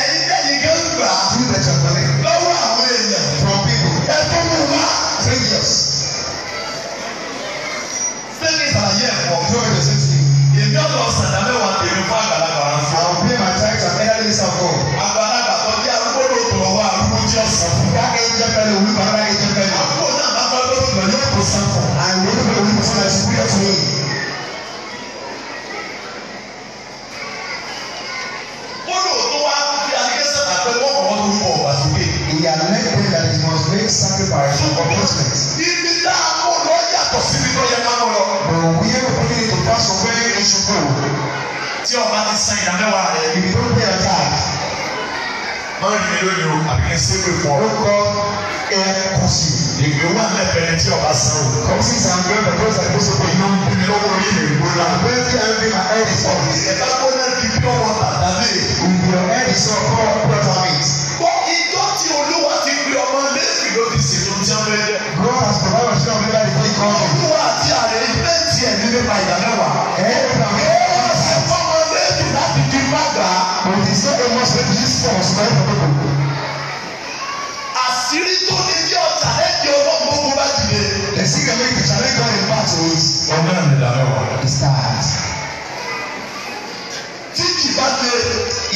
Ẹyin tẹ̀lé gẹ́gẹ́ gbà. Fún ìbẹ̀jẹ̀ pẹ̀lẹ́. Lọ́wọ́ àwọn èèyàn. From people. Ẹ tó mú wa. Three years. Sẹ́ni ìsàlàyé ẹ̀kọ́. Tí o yẹ sẹ́tì. Èmi ọ̀dọ̀ sàdá mẹ́wàá èmi fún àgbàlagbà. Àwọn bí màá tẹ́ ẹ̀ka ẹ̀yà lè sàkó. Àgbàlagbà tó jẹ́ arúgbó lóòótọ́ wa jẹ́ ọ̀sán. Ká But not for suffer. I really believe so that's real to me. He had led them that he must make sacrifice for forgiveness. Ibi tá a kó lọ yàtọ̀ síbi tó yẹ ká kó But we are putting to pass on where it should go. Tí ọba ti san ìdámẹ́wàá rẹ̀. If you don't pay a tax. Mọ̀rin mi lónìí o, àbí kí n ṣe é ìgbéwà mẹ́fẹ̀ẹ́ tí ọba san o. kọ́sí sàǹgbẹ́ bàbá ìṣàkóso pé iná ń bí mi lọ́wọ́ orí mi gbó la. àgbẹ̀ tí a ń bí ma ẹ̀rì sọ. ìṣẹ̀dá gbọ́dọ̀ di bí ọwọ́ tàdá lè. ògùn ẹ̀rì sọ kọ́ pẹ́fà mi. wọ́n ìjọ tí olúwa ti gbé ọmọ lẹ́sì ló ti ṣètò tí wọ́n fẹ́ jẹ́. God has provided us with a free country. olúwa àti ààrẹ ilé tiẹ̀ nílé ma ìdá mẹ́wàá. ẹ̀ẹ́dà àṣírí tó ní bí ọ̀tá ẹ̀ last year, the singer make the challenge God in part with. Ọgbẹ́ mi dáná wọ̀. The stars. Títí bá dé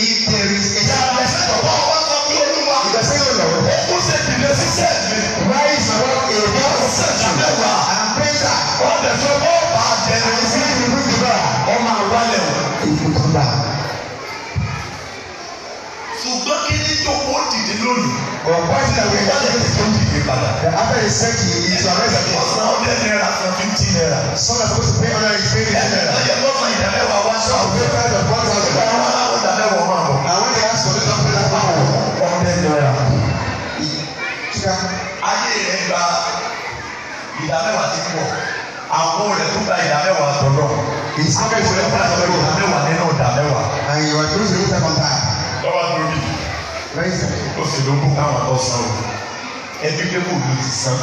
ìtẹ̀rí ìyá rẹ̀ sẹ́kọ̀ọ́ wọ́n wọ́n kọ́ bí olúwa. Ìgbésẹ̀ yóò lọ. Ó kú sí ìdílé sísẹ́ mi. Ráìsì jókòó dìde lónìí. ọ̀pọ̀ ìṣẹ̀lẹ̀ wẹ̀ wọ́n yẹ kó dìde padà. after the search he he to arrest the man. one hundred naira and fifty naira. some are supposed to pay hundred and twenty naira. ẹ̀yẹ gbọ́dọ̀ ìdálẹ́wà wá sọ. àwọn ọ̀gbẹ́ fẹ́ẹ́ lọ bọ́ọ̀lù ọ̀gbẹ́ wọn á wọ ìdálẹ́wà wọn bọ̀. àwọn yẹn aṣọ ní sọ pé lápá wọ. hundred naira. ayé rẹ̀ gba ìdálẹ́wà ti pọ̀ àwọn rẹ̀ tó gba ìdálẹ́wà tọ̀lọ̀. ìsàkóso ẹ̀ fún ìdálẹ́wà nínú ìdálẹ́wà. àyè wà tó ń sèkúta kọ́ta. lọ́wọ́ àti omi ó sì ló kú káwọn ọkọ san ẹbí pé kò ló ti san.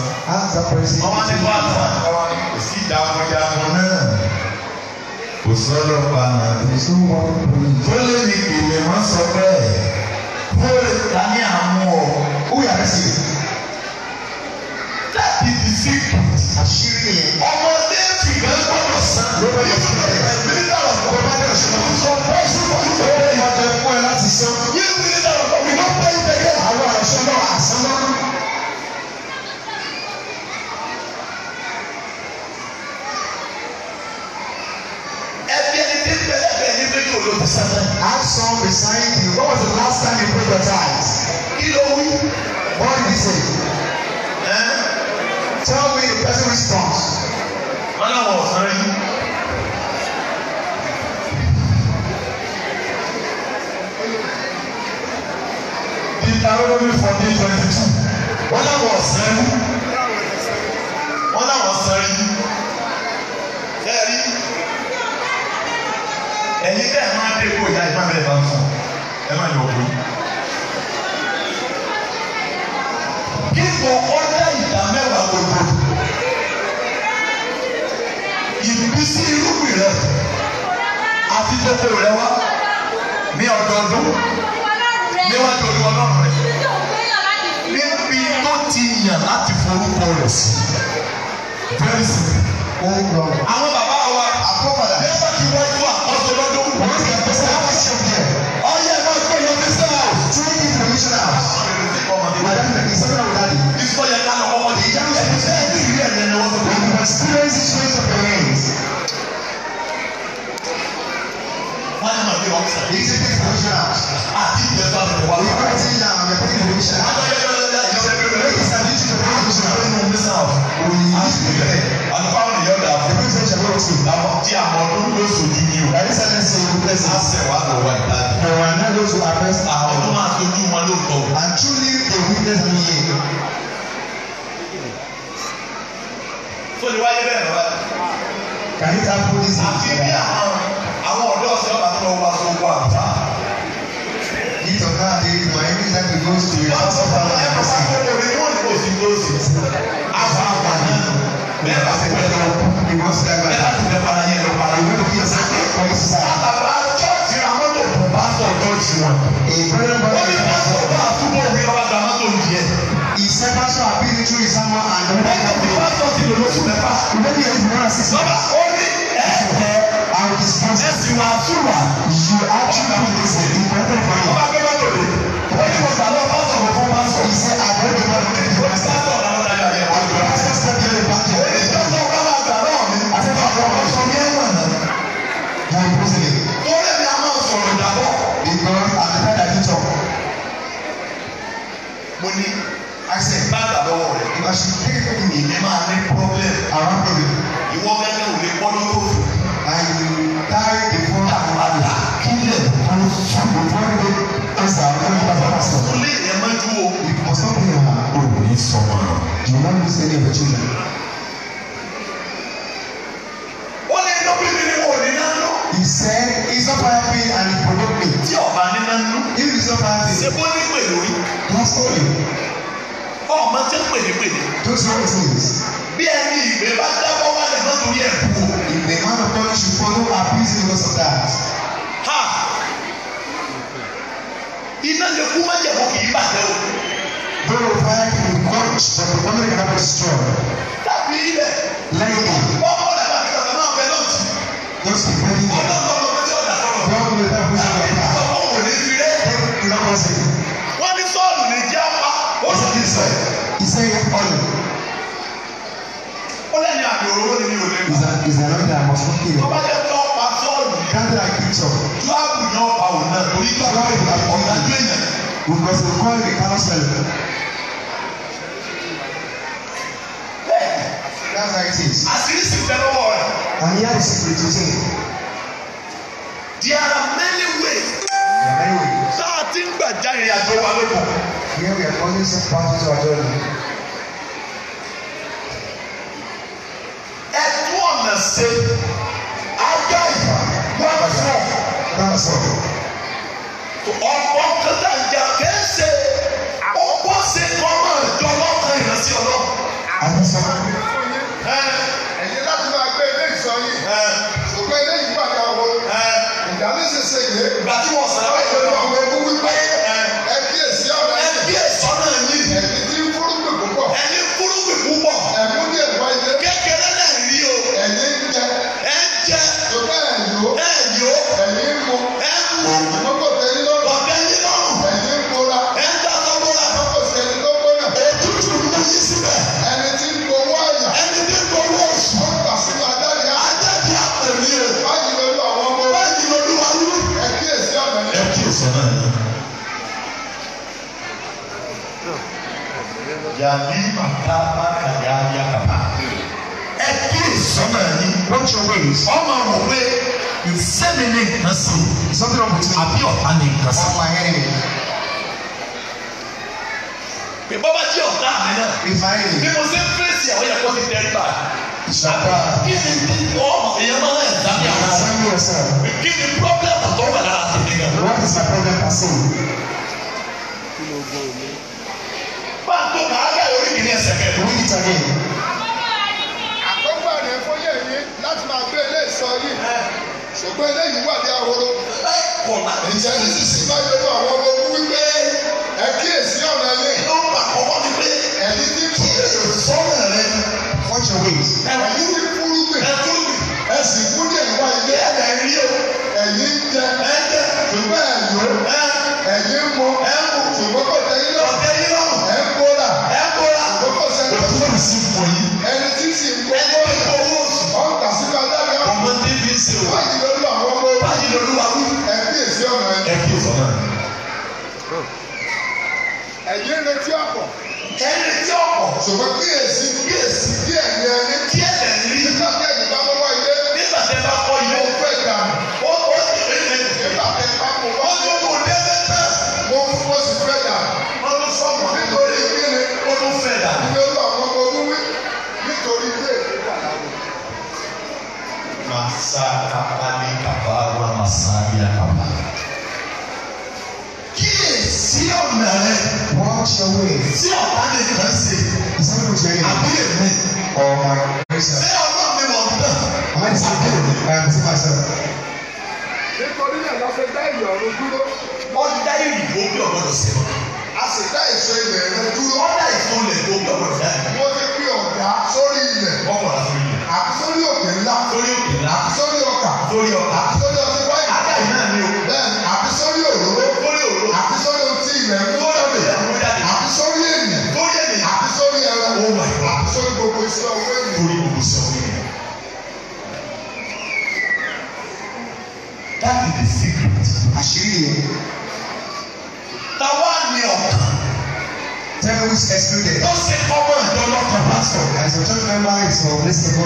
ọmọ ní kó àtà kò sí ìdáàbòjáàbò náà kò sọ́dọ̀ pa àná tó wọ́n tó lè wọn sọ bẹ́ẹ̀ fún ìta ní àmú ọ ó yàrá sí láti di sí àṣírí yẹn ọmọdé fìgbà gbọ́dọ̀ san lórí ìfúnná ẹgbẹ́ náà. your testament. Have some beside you. What was the last time you put your tithes? Kí What did he say? Eh? Tell me the person response. Wọ́n náà wọ̀ fẹ́rẹ́ yìí. Deuteronomy fourteen twenty two. Wọ́n náà wọ̀ fẹ́rẹ́ bẹ́ẹ̀ bá ń fún ẹ má yọ òkú. Kíkọ ọdẹ ìdá mẹ́wàá gbogbo. Ìbísí irúgbìn rẹ̀ àti kókó rẹ̀ wá ní ọdọọdún níwájú olú ọlọ́run rẹ̀ níbi tó ti yàn láti forúkọ rẹ̀ sí. Very simple. yé ni tó lè wáyé bẹ́ẹ̀ lọ́wọ́ kàyíta polisi àti bí àwọn àwọn ọ̀dọ́ ọ̀sẹ̀ ọba tó lọ wá sọ wọ́n àbúrò. nítorí náà dé ìgbà yẹn nígbà tó gbó sí i láti sọ fún àwọn ọmọ sí i. ọmọ mi wọn ni kò sí a sọ àwọn àná bẹ́ẹ̀ bá ti pẹ́ lọ. olóṣù mẹ́fà ìbẹ́ni ẹ̀sìn náà sì sí. bàbá ó ní ẹ̀fẹ̀ àwọn ìsìnkú ẹ̀sìn wa tún wà ju àtúntò ìgbésẹ̀ ìgbẹ́fẹ̀ fún mi. ọba gbẹ́gbẹ́ lò lè wọ́n ní wọ́n sàlọ́ pásọ̀ fún pásọ̀. ìṣe àgbẹ̀dẹ̀ wọn ní ìwé sátọ̀ làwọn náà yà wọ́n. àgbẹ̀ àti ẹ̀sẹ̀ tẹ̀lé pàtó. ó ní tọ́jú ọ̀gá àgbàrá mi àti bàbá ọ̀gá sọ ní ẹ̀wọ̀n ní Dois, dois, dois. kọ́ ẹ̀rì kan ṣẹlẹ̀. bẹ́ẹ̀ that's how it is. àṣírí sì fẹ́ lọ́wọ́ rẹ̀. àníyá rẹ̀ sì fẹ́ tuntun. there are many ways. there are many ways. Starting by ń gbà já here we are calling some part to our journey. Tá te mostrando things. ọmọ rò pé ìsẹ́mi ní nǹkan sí i. something wrong with àbí ọ̀tá ní nǹkan sí i. ọmọ ẹ̀rẹ̀ mi. pé bọ́bá jẹ́ ọ̀tá mi náà. ìfàyè. bí mo ṣe ń fèsì àwọn yẹn kó ti tẹ́ nípa. ìṣàkà. kí ni bí ọmọ ìyẹn máa ń ẹ̀dá ní àwọn. ìṣàkà yourself. kí ni problem àtọ́ wà lára ti what is the problem at all. bá a tó kàá gà lórí kìnìún it again. sọ yìí ṣùgbọ́n eléyìí wà ní ahoro ìjẹ́ni sísè bá yọjú àwọn ọmọ ogun wípé ẹ kíyèsí ọ̀nà ilé ẹni tí kú sọ́nà rẹ fọ́jọ́ wíìs ẹni tí kúrú gbè ẹ sì kú ní ẹ̀wá ilé ẹ̀yìn jẹ ṣùgbọ́n ẹ̀yọ́ ẹ̀yìn mọ ṣùgbọ́n kọ́. retí ọ̀pọ̀ ẹ̀ ń retí ọ̀pọ̀ ṣùgbọ́n kíyèsí kíyèsí díẹ̀ ní ẹni díẹ̀ lẹ́ni nígbà tí ẹ̀jẹ̀ bá kọ́ ilé nígbà tí ẹ bá kọ́ ilé ó fẹ́ gbà ó ó sì fẹ́ gbà nígbà tí ẹ bá kọ́ ó tún kò dé mẹ́ta mo fún mo sì fẹ́ gbà ó tún fọ́ọ̀mù nítorí kíni ó tún fẹ́ gbà ilé lọ àwọn ọmọ ọdún wí nítorí ilé ìlú wà láwọn. màsà kápá ní kápá wà màsà yà kápá. kíyèsí ọ̀nà rẹ̀. Watch your way. Tí ọ̀tá lè ní kan ṣe. Ìsọ́nù kò ṣe é. Àbúrò mi. Ọ̀rọ̀ ẹ̀ṣẹ̀. Ṣé ọlọ́run mi mọ̀ nígbà? Àwọn ẹ̀ṣẹ̀ àbúrò mi. Ẹ̀m sí máa ṣẹlẹ̀. Nítorí náà la fẹ́ dá ìlú ọ̀run dúró. Wọ́n dá ìlú ìwé bí ọ̀gbọ́dọ̀ sí wọn. A sì dá ìṣe ilẹ̀ rẹ dúró. Wọ́n dá ìfúnlẹ̀ tó bí ọ̀gbọ́dọ̀ dá ìlú. Mo ti fi ọ̀dà sórí ilẹ̀. Ọkọ̀ la sórí ilẹ̀. Àti sórí òkè ńlá. Sórí òkè ńlá. Sórí ọkà. Sórí ọkà. Sórí ọtí wáyà. Àtàyè náà ni o. Bẹ́ẹ̀ni àti sórí òróró. Sórí òróró. Àti sórí otí ilẹ̀ ń tí wọ́n wọ́n lórí ìbùsọ̀ yẹn. That is the secret. Àṣírí yẹn. Tàwa ni ọ̀kan. Tell me which excluded. Ó ṣe kọ́mọ̀ ìdánlọ́kọ̀ pastor. As a church member, it's for this to go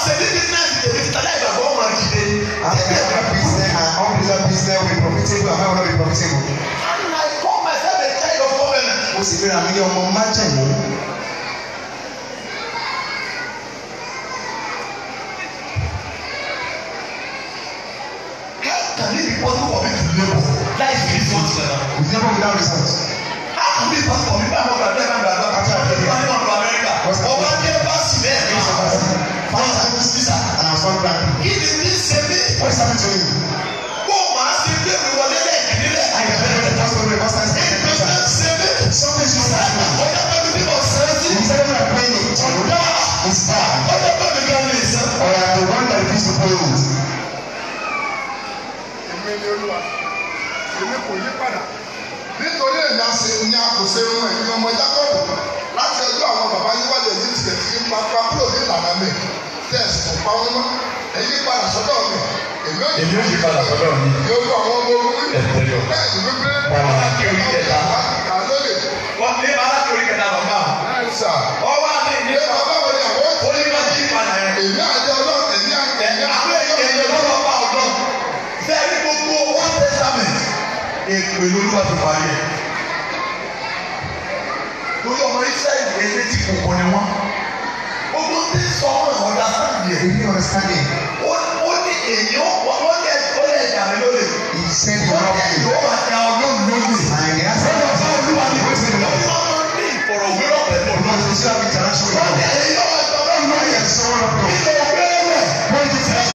ọ̀sẹ̀ níbi náà ti tẹ̀lé ti tẹ̀lé ìgbàgbọ́ ọmọ dìde. and my own business and own business business will be profitable and my own will profitable. and I call myself a child of government. mo sì fẹ́ràn mi ní ọmọ májèmú. Can it be possible for me to labour? Life is not fair. We never without results. How can this be possible for me to labour and never and padà sọ́dọ̀ mi. Gbogbo àwọn ọmọ ogun ní ẹ̀sìn lọ. Bàbá àti orí kẹta. Wọ́n ní aláṣẹ orí kẹta bàbá. Ọ wá ní bàbá wọn àwọn ọ̀sán. padà yẹn. Èmi àjọ náà èmi àjọ náà. Àwọn bá ọ̀dọ́. Sẹ́ẹ̀rí gbogbo one testament. Èpè lolúwa ti parí ẹ̀. ọmọ Israẹ̀lì ẹgbẹ́ ti kòkò ni wọ́n. Gbogbo ti sọ ọ̀rọ̀ ọ̀dà sáàdì ẹ̀. Èmi ọ̀rẹ́ sáàdì Ó ní èyí ó wọ́n yẹ ìyá rẹ lólè. ìṣẹ́ni ọlọ́run. ó máa ta ọlọ́run lólè. àyà sọ́dọ̀ bá olúwa ní ìwé tẹ̀lé lọ. ọlọ́run ní ìfọ̀rọ̀wérọ̀ pẹ̀lú ọlọ́run. ọlọ́run ní ìfọ̀rọ̀wérọ̀ pẹ̀lú ọlọ́run. ọlọ́run ní ìfọ̀rọ̀wérọ̀ pẹ̀lú ọlọ́run.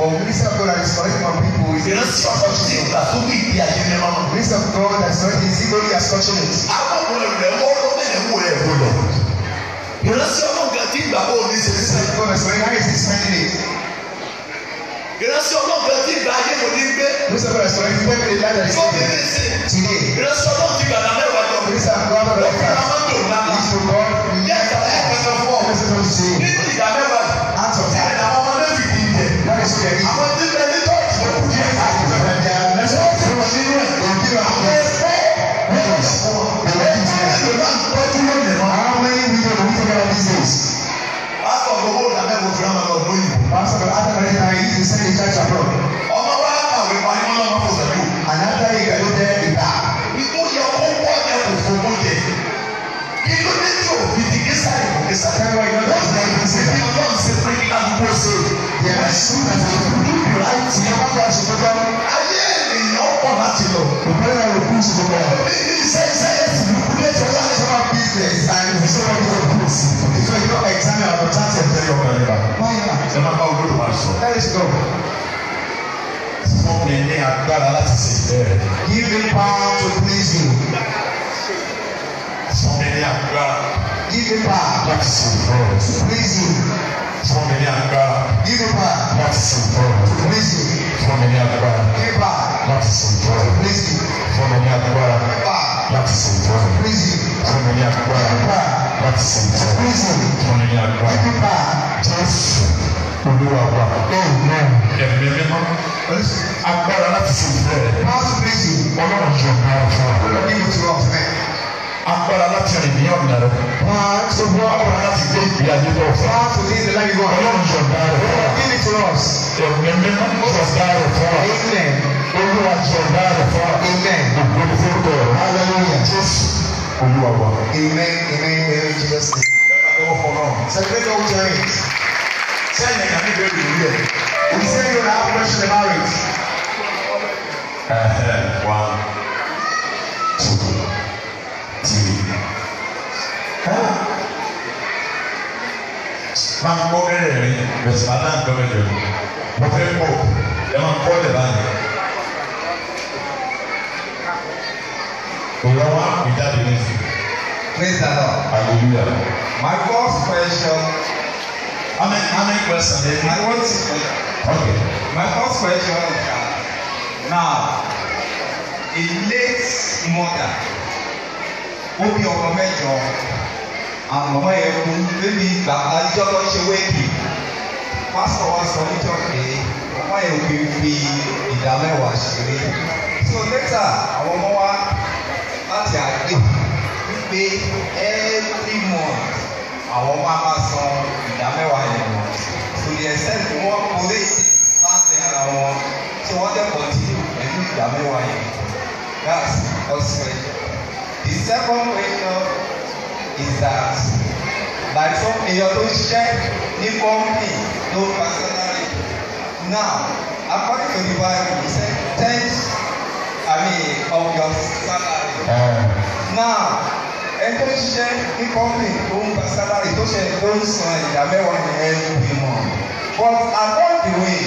But minister of God that is correcting my people is not structuring. Minister of God that is correcting is equally as fortunate. Àwọn ọ̀rẹ́ wọ́n ló bẹ̀rẹ̀ wọ ẹ̀ gbọdọ̀. Ìránṣẹ́ ọmọ nǹkan tí ìgbà bó ní ṣe. Minister of God that is correcting how is he spending it? Ìránṣẹ́ ọmọ nǹkan tí ìgbà ayé mo ní gbé. Minister of God that is correcting how is he spending it? Today. Ìránṣẹ́ ọmọ nǹkan tí ìgbà náà mẹ́wàá lọ. Minister of God that is correcting. mo fi ọmọ mi ọmọ yìí. Pastor Adakare ta yi ti sẹ́yìn church abroad. Ọmọ wa kàwé pa ní wọn lọ́wọ́ sọ̀rọ̀ yìí. Àlàáfíà yìí kàló jẹ́ ìgbà. Ikú yẹ kó wọ́ ẹ kò fowó jẹ. Inú ní tí o fi di kísà yìí kò kísà. Ẹ̀rọ ìyọ̀dọ̀ ìgbà yìí ṣe bí ọlọ́run ṣe pé ní àdúgbò ṣe. Yẹ̀rọ ìṣúná àti ìdúró láti ẹ̀rọ ìgbà ṣe tó dá èèyàn pọ̀ láti lọ. Òpin náà ló kú sí gbogbo ẹ̀. Iṣẹ́ iṣẹ́ yẹn ti dùn kúlẹ̀ tó examine our church and tell your believer. Remember how good was so. Let's go. Fún mi ní agbára láti ṣe ìfẹ́ rẹ̀. Give me power to please you. Fún mi ní agbára. Give me power. Láti ṣe ìfẹ́ rẹ̀. To please you. Fún mi ní agbára. Give me power. Láti ṣe ìfẹ́ rẹ̀. To please you. Fún mi ní agbára. Give me power. Láti ṣe ìfẹ́ rẹ̀. To please you. Fún mi ní agbára. Láti ṣe ìfẹ́ rẹ̀. To please you ọ̀nà ní agbára láti sìn sẹ́ ọ̀nà ní agbára jésù olúwa wa ẹ̀mí mímọ́ agbára láti sìn sẹ́ ọlọ́run jù náà fún wa agbára láti rìn ní ọ̀nà rẹ̀ agbára láti gbé ìgbé ayé lọ fún wa ọlọ́run jù náà rẹ̀ fún wa ẹ̀mí mímọ́ jù náà rẹ̀ fún wa olúwa jù náà rẹ̀ fún wa gbogbo ìfowópamọ́ hallelujah jésù olúwa amen amen amen jesus name. ọwọ́ celebrate all journeys. sẹ́yìn ẹ̀ka mi bẹ̀rẹ̀ ìlú rẹ̀ òbí sẹ́yìn yóò náà fresh the marriage. one two three. máa ń kọ́ mẹ́rẹ̀ẹ́rin bẹ̀sùn máa náà ń kọ́ mẹ́rẹ̀ẹ́rin mo fẹ́ kọ́ ẹ máa ń kọ́ èèyàn wá fi jáde praise the lord. hallelujah. my first question. how many how many questions i want to. okay. my first question is uh, now a late mother ó bí ọmọ mẹ́jọ àmọ́ ẹ̀ kú bébí ìgbà àjọ lọ ṣe wéèkì pásítọ̀ wa sọ níjọ́ pé ọmọ ẹ̀ kú fi ìdá mẹ́wàá ṣeré so later àwọn ọmọ wa láti àgbè wípé every month àwọn máa ma san ìdá mẹ́wàá yẹn wọ̀ to the extent tí wọ́n collate láti ara wọn tí wọ́n dẹ̀ continue pẹ̀lú ìdá mẹ́wàá yẹn that's the first question the second question is that by some èèyàn tó ṣiṣẹ́ ní company no personality now according to the bible he said ten I mean of your salary. Uh. Now, ẹni tó ń ṣiṣẹ́ ní company tó ń gba salary tó ṣe tó ń san ìdá mẹ́wàá ní ẹnu ìmọ̀. But about the way,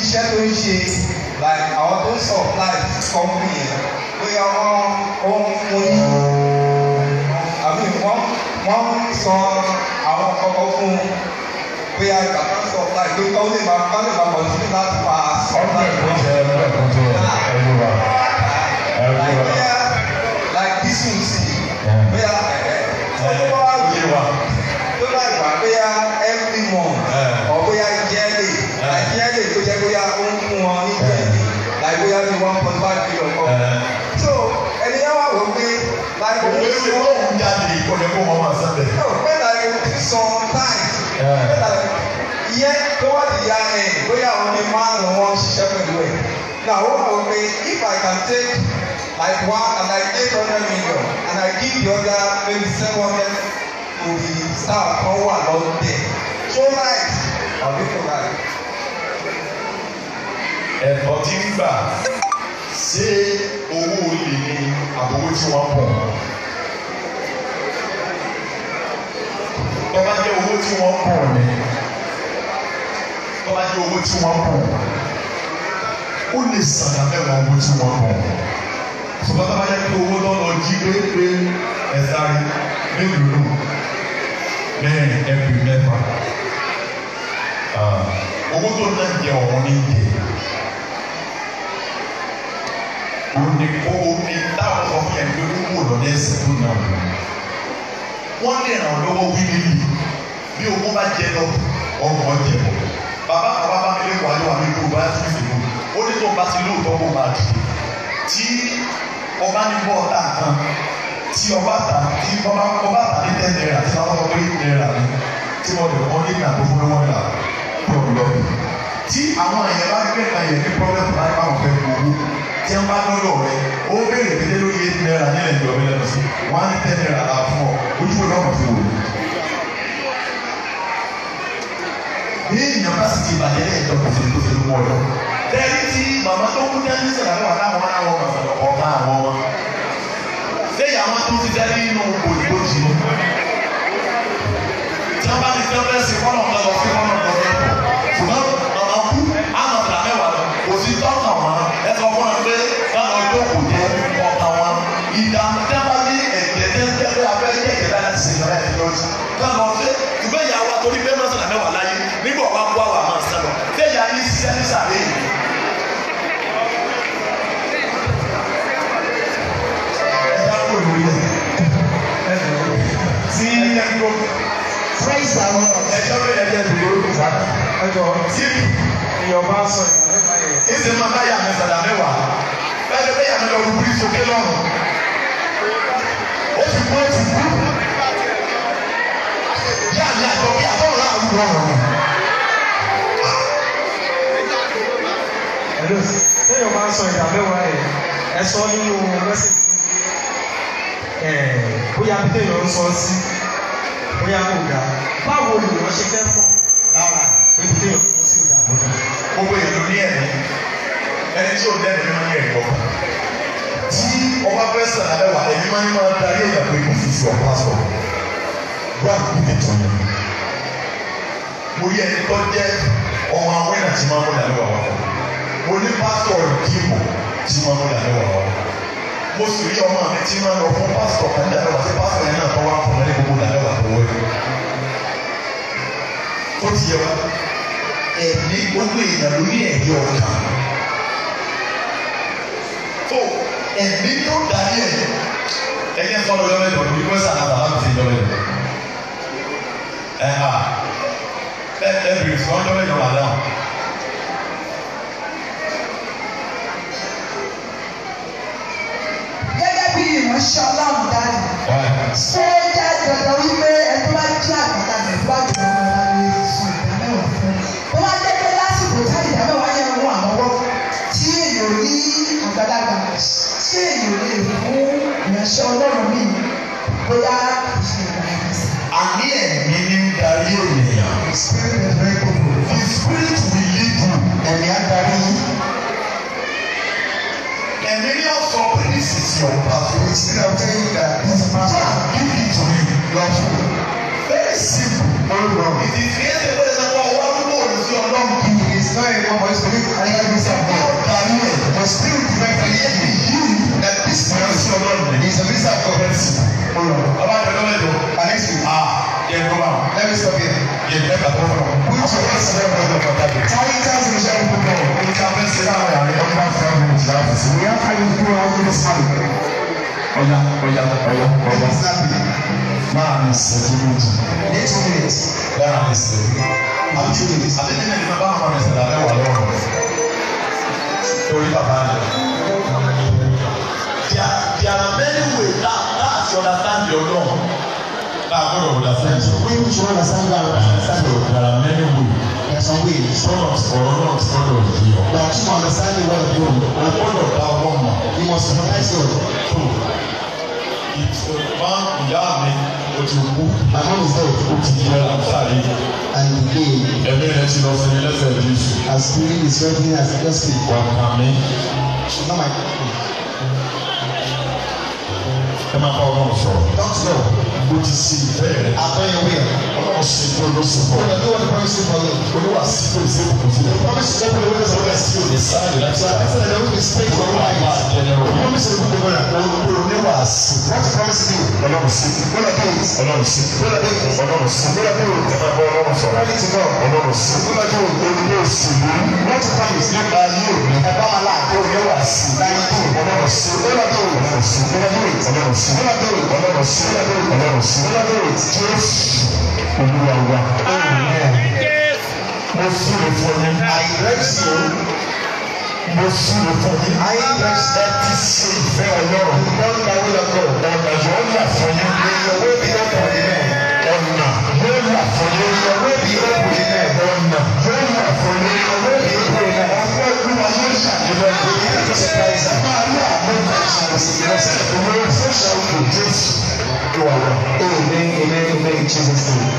iṣẹ́ tó ń ṣe like àwọn tó ń supply company yẹn bóyá wọ́n wọ́n mú ní àbí wọ́n wọ́n sọ àwọn kọ́kọ́ fún bóyá ìgbà tó ń supply pé kọ́ lè máa kọ́ lè máa continue láti pa supply. ọ̀gbìn ìgbésẹ̀ ẹgbẹ́ kan ẹgbẹ́ wa like uh, like this one see bóyá ọjọ́ wa wí wa tó bá every month or bóyá yearly like yearly tó jẹ́ bóyá ó ń fún wọn ní twenty like one point five billion so ẹni yẹn wà wọ pé like òun ló ń wọ́n ń jáde I do sometimes when I yẹ tó wá ti ya ẹ̀ bóyá òun ni márùn-ún wọn ṣiṣẹ́ pẹ̀lú now ó wà wọ pé if I can take like one and like eight hundred million and I give the other maybe seven hundred to the staff kan wà lọ́dẹ̀ so right àbí kò right. ẹ̀kọ́ tí ń gbà ṣé owó olè ni àbówó tí wọ́n pọ̀ tọ́ba jẹ́ owó tí wọ́n pọ̀ ni tọ́ba jẹ́ owó tí wọ́n pọ̀ ó lè sàdámẹ́wọ̀n owó tí wọ́n pọ̀ ṣùgbọ́n tábà yẹ kí owó lọ́nà jí pépé ẹ̀sà mélòó nù mẹ́rin ẹ̀pì mẹ́fà owó tó náà jẹ ọ̀wọ́n ní jẹ òní kó omi táwọn sọ fún yẹn pé ó wò lọ́dẹ ẹsẹ̀ tó náà wọ́n lè ràn lọ́wọ́ wíwí bí owó bá jẹ lọ ọgbọ̀n jẹ bọ̀ bàbá àwọn bàbá mi lè wáyé wà ní gbogbo bá ti fi ó ní tó bá ti lóòótọ́ kó máa dùn tí ọba ní bọ́ọ̀tà kan tí ọba tà tí ọba ọba tà ní ten naira tí wọn lọ pé naira ni tí wọn lè wọn ní ìgbà tó fún wọn là problem tí àwọn èèyàn bá gbé ìgbà yẹn ní problem láì bá wọn fẹ́ owó tí wọn bá lọ́dọ̀ rẹ ó béèrè pété lórí eight naira nílẹ̀ ìjọba ìlànà sí wọn á ní ten naira là fún ọ ojú wo lọ́kàn fún wọn. bí èèyàn bá sì ti bàjẹ́ lẹ́yìn tó kò fi tó fi mú ọ lọ tẹ́lí tí màmá tó kú tẹ́lí sọ̀rọ̀ àwọn àtàwọn ará wọn kà sọ̀rọ̀ àwọn ọmọ. Lẹ́yìn àwọn tó ti tẹ́lí inú òyìnbó jì ó. Tí wọ́n sí kọ́nà kan lọ sí kọ́nà kan lọ. Ṣùgbọ́n màmá kú àmọ̀ fìlà mẹ́wàá lọ. Kò sí tọ́ka wọn. Ẹ sọ fún wọn pé báwọn yóò kò jẹ́ ọ̀kan wọn. Ìdààmú tẹ́ ní ẹ̀jẹ̀ ariwo praise the lord. ẹjọ́ bẹ̀rẹ̀ ẹ̀jẹ̀ tó yóò tó sáà ẹjọ́ tí èèyàn bá sọ yìí ẹsẹ̀ máa bá yà mẹ́sàdá mẹ́wàá bẹ́ẹ̀ bẹ́ẹ̀ yà mẹ́wàá wúrí sókè lọ́rùn ó ti kú ó ti kú yà ní àjọ bí àtọ́run láàrú lọ́rùn. ẹ̀rọ sẹ́yìn máa sọ ìdá mẹ́wàá rẹ̀ ẹ sọ nínú mẹ́sẹ̀gì ẹ̀ bóyá pété ń sọ sí bóyá kò ga báwo ni wọ́n ṣe fẹ́ pọ̀ lára pépé ọ̀tún sí ìyá àbúrò gbogbo èèyàn ní ẹ̀mí ẹni tí ò dẹ́rẹ̀ máa ń yẹ ẹ̀kọ́ tí ọba fẹ́ sàn abẹ́ wà ẹ̀mí máa ń máa darí ẹ̀yà pé kò fi fi ọ̀pá sọ̀ wá kò ní tán yẹn mo yẹ ẹni tó jẹ́ ọmọ awẹ́nà tí máa ń mú ìdàlẹ́wà wà mo ní pásítọ̀ ìdìbò tí máa ń mú ìdàlẹ́wà wà mo sì rí ọmọ mi tí máa ń lọ fún pásítọ̀ kan dàgbà wá sí pásítọ̀ yẹn náà tó wá fún mi ní gbogbo dàgbà tó wọ́n yìí. ó ti yẹ wá ẹ̀mí gbogbo èèyàn ló ní ẹ̀mí ọ̀tá. tó ẹ̀mí tó darí ẹ̀ ẹ̀yẹ fọlọ́ yọ mẹ́tọ̀ ní wẹ́sà àtàlà ti yọ mẹ́tọ̀. ẹ̀ ha ẹ̀ ẹ̀ bìrì fún ọjọ́ mẹ́tọ̀ wà dáhùn. ìránṣẹ́ ọlọ́run dání. sọ jẹ́ dandan wípé ẹni tó bá jẹ́ àgbàlagbà tó is your pathway. Still, I'm telling you that this matter, give it to me. Love you. Very simple. Very wrong. If you create a place that will one more, it's your long key. It's not a normal spirit. I have this above. Career. The spirit divine can hear me. You, that this man is your Lord. It's a visa for mercy. Hold on. How about the I need you Ah yẹ kọ́ ma let me stop here yẹ kẹ́ bàtà fún ọ. which of us ṣe wọ́n lọ bàtà bi. targeted in ṣe kú bọ̀ nǹkan bẹ́ẹ̀ ṣe láwọn yàrá yẹn ọgbà fẹ́ mi jì láti ṣe. we have five people who are in this family. ọ̀yà ọ̀yà ọ̀yà ọ̀yà. máa mi ṣètò méjì. eight minutes. dára mi ṣe. àbí two minutes. àbí nínú ìgbà bá àwọn ọ̀rẹ́sẹ̀ làbẹ́ wà lọ́wọ́ orí bàbá rẹ̀. there are many ways that that you understand your law. Ah, Now, God of understand. When you should understand ah, God, understand So there are many ways. There are some ways. Some of us are not God of you. But you understand the word of you. And God of that woman, you must recognize your truth. It's a man without me, but you move. My mom is there. Put it here, I'm sorry. And again. Every nation of the lesser As spirit is serving as the spirit. Welcome me. Not my. Come on, Paul, don't Don't show. ó ti sì fẹ́. Àtọ́yẹ̀wé. ọlọ́run sì tó ló sì bọ̀. ọlọ́run promise for you. olúwa sì tó promise to sẹ́kù lẹ́wọ́n sọ̀rọ̀ ẹ̀ sí òní sáàlì láti sáàlì. láti sáàlì lẹ́wọ́n sì pé ìwọ́n wà promise to gbogbo rẹ̀ olùkúrò what promise do you. ọlọ́run sí. bọ́lá dé òní. ọlọ́run sí. bọ́lá dé òní. ọlọ́run sí. bọ́lá dé òní. ọlọ́run sọ̀rọ̀. ọlọ́run sí. bọ́lá what promise do you. ẹ bá wa láàbò níwà sí. láyé tó ọlọ́run sí. bọ́lá dé òní. ọlọ́run sí. bọ́lá dé òní. ọlọ́run sí. bọ́lá dé òní. ọlọ́run sí. bọ́lá olúwa wa mo súre fún yín àìrẹ́sì o mo súre fún yín àìrẹ́sì ẹ ti ṣe ìfẹ́ ọlọ́run lọ́nà olùkọ́ ọ̀nà yóò là fún yín lórí owó bí ọkọ̀ yín náà ọ̀nà yóò là fún yín lórí owó bí ọkọ̀ yín náà ọ̀nà yóò là fún yín lórí owó bí ọkọ̀ yín náà ọ̀nà olúwa yóò ṣàjọyọ̀ ìgbéyàwó ṣẹ̀ka ìṣàmúlò àmọ́ ìṣàlùsí ìrẹsẹ̀ ìgbéyàwó fún ṣàwùjọ jésù. to our Amen, amen, amen, Jesus' name.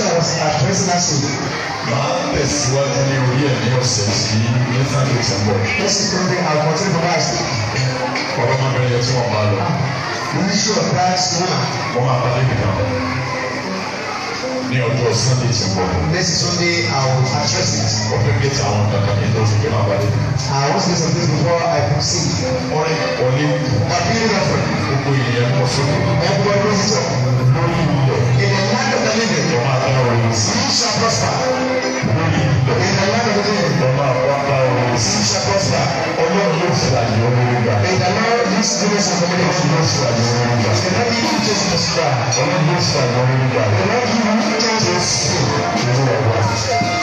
I was addressing us today. Màá tẹ̀síwájú ní orí ẹ̀ ní ọ̀sẹ̀ sí ní Sunday tí ń bọ̀. Lọ́sùn tó I bẹ àwọn ọ̀tí ìbọn láti. Ọ̀rọ̀ máa bẹ̀rẹ̀ yẹn tí wọ́n máa lọ. Wọ́n ní sure that's one. Wọ́n máa bá níbi náà. Ní ọjọ́ Sunday tí ń bọ̀. Next Sunday I will address it. Ọ̀pẹ́ bí ètò àwọn kankan ní ìtọ́jú pé máa bá níbi. I want to say something before I proceed. Ọ̀rẹ́ ọ̀lẹ́. Bàbá yìí lọ fún mi. Gbogbo ìyẹn kọ sókè. Ẹ You shall prosper. In the land of the living. You shall prosper. May the Lord use grace and community. May the Lord give you just prosper. May the Lord give you just prosper.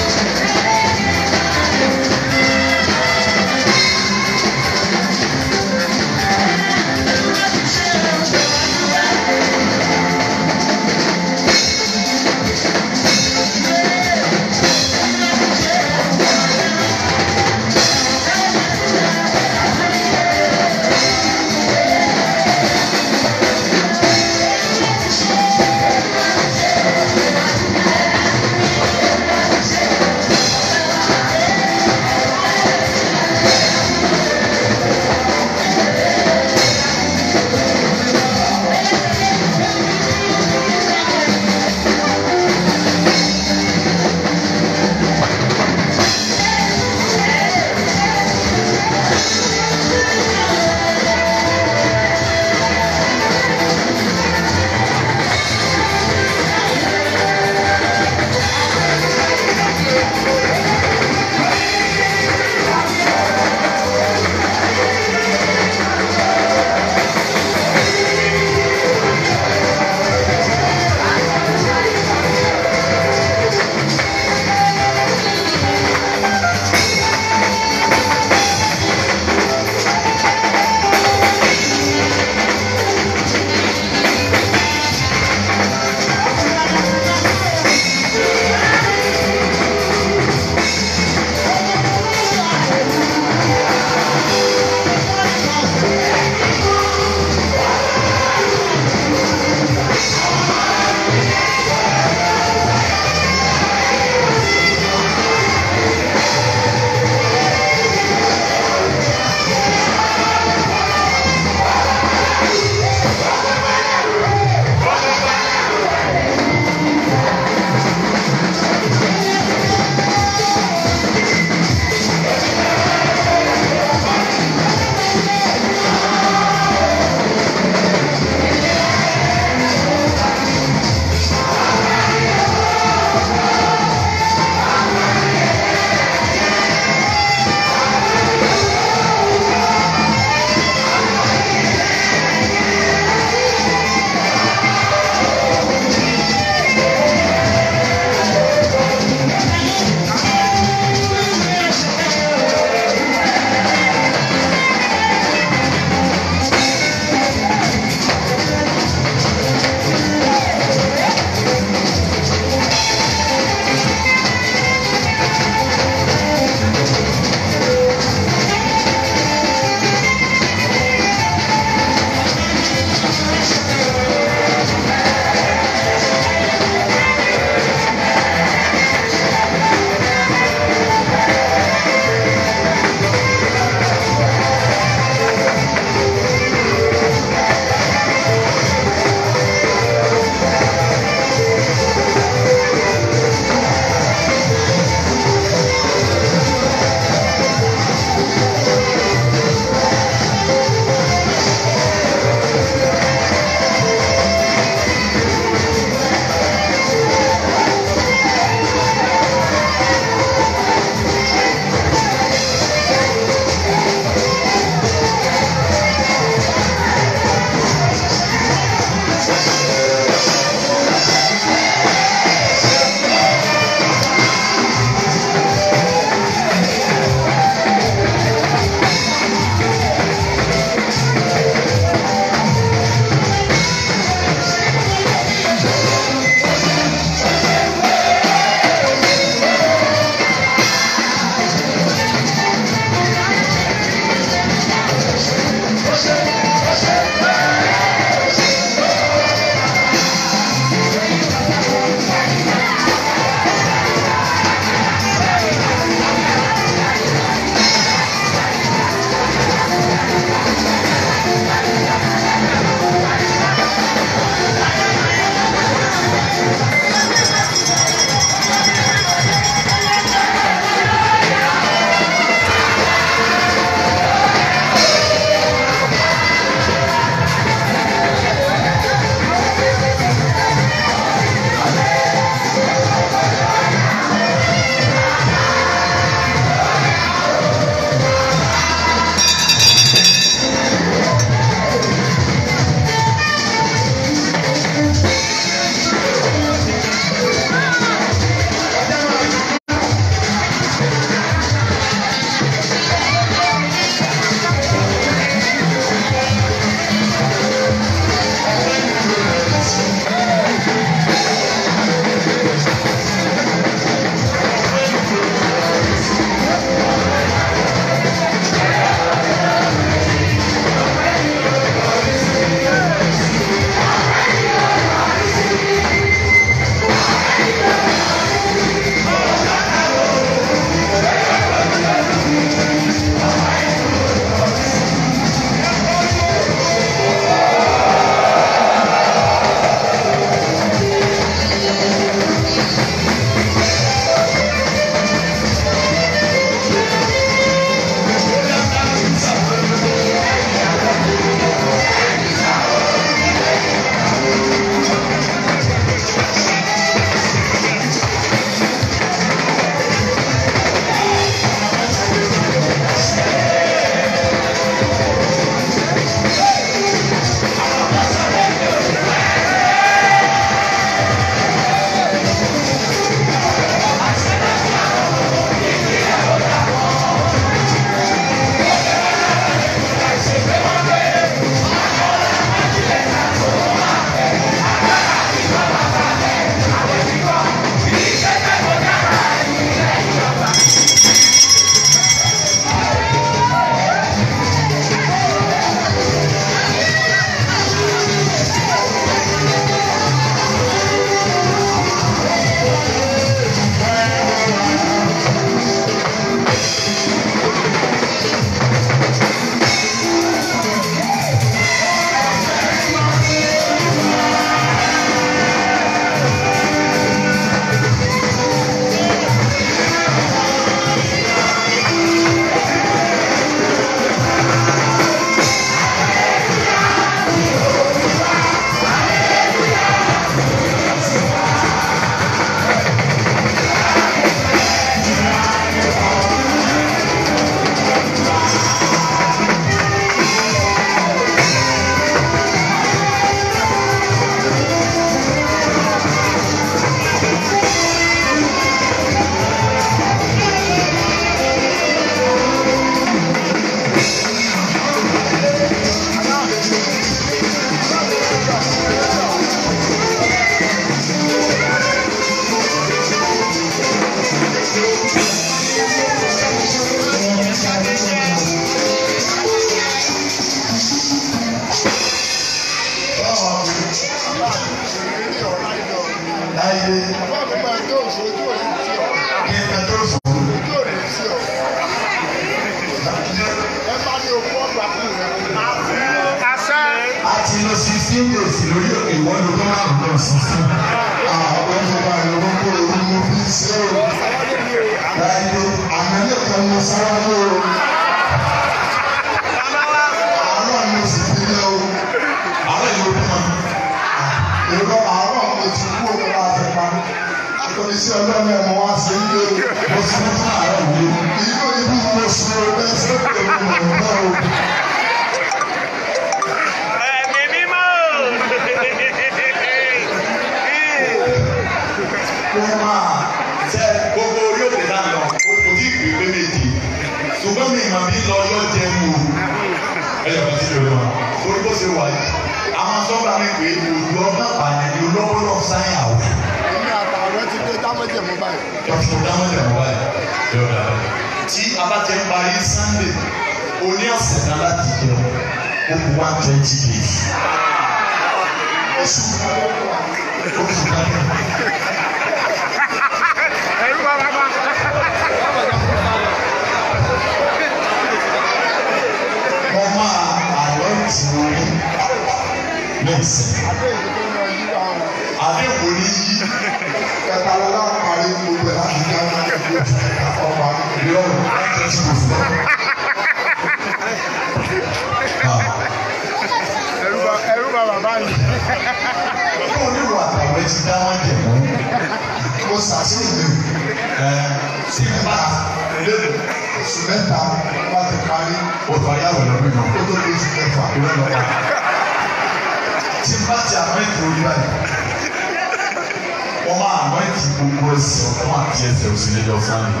díẹ̀ òsì lè lọ fáànù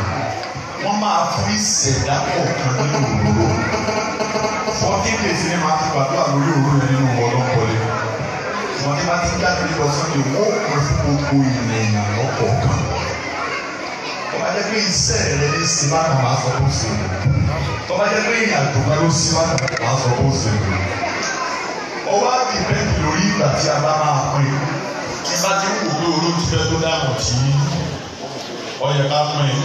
wọ́n máa fi ṣẹ̀dá kọ̀ọ̀kan nínú òróró fourteen days ni màá fi gbàdúrà lórí òróró yẹn nínú ọlọ́pọ̀lẹ́ wọ́n ní bá ti jáde nípa sunday wọ́n pè fún gbogbo ènìyàn lọ́kọ̀ọ̀kan tọ́ba jẹ́ pé iṣẹ́ rẹ ní simana máa sọ bó ṣe lò tọ́ba jẹ́ pé ìyàtọ̀ bá ló simana máa sọ bó ṣe lò ọwọ́ àbí bẹ́ẹ̀ lórí ìgbà tí a bá máa pín ní bá ti wù pé olóòtú fẹ́ tó dáhùn tì í ọyẹ ká pín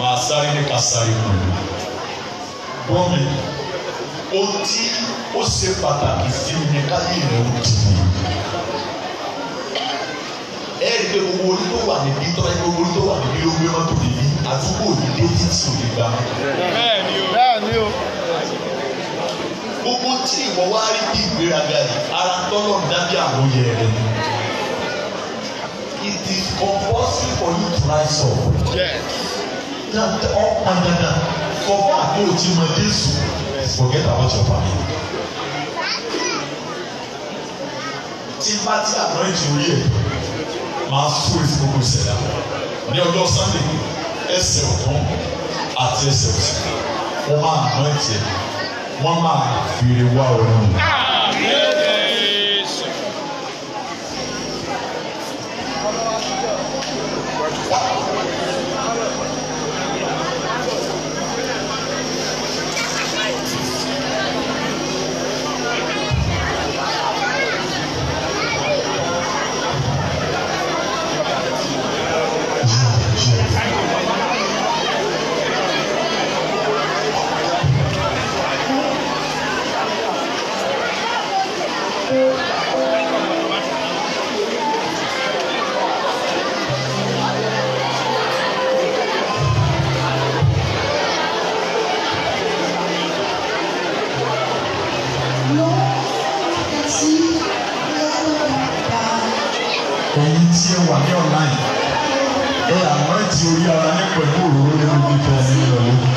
màá sáré ní homem o mọ o mi ohun tí ó ṣe o sí mi que o ó ti mi ẹ rí pé gbogbo orí tó wà níbí tọ́lá gbogbo orí tó wà níbí ló gbé mọ́tò níbí àdúgbò yìí dé tí tí ò lè o bẹ́ẹ̀ni o. gbogbo tí ìwọ wá rí bí ìgbéraga yìí ara tọ́lọ̀ dábí àwọn compulsory for you to rise up. Dantẹ ọ̀pọ̀ dandan I go to my Jésù forget about your family. Tí bá ti àná ìjòyè ẹ̀ máa fún ìfowópamọ́ ìṣẹ̀dá ní ọjọ́ Sunday ẹsẹ̀ ọ̀tún àti ẹsẹ̀ òsì wọ́n máa àná ìtì ẹ̀ wọ́n máa fèrè wá ọ̀run. Ah, March. ti orí ara ní pẹ̀lú òróró nínú fífẹ́ nílò lókè.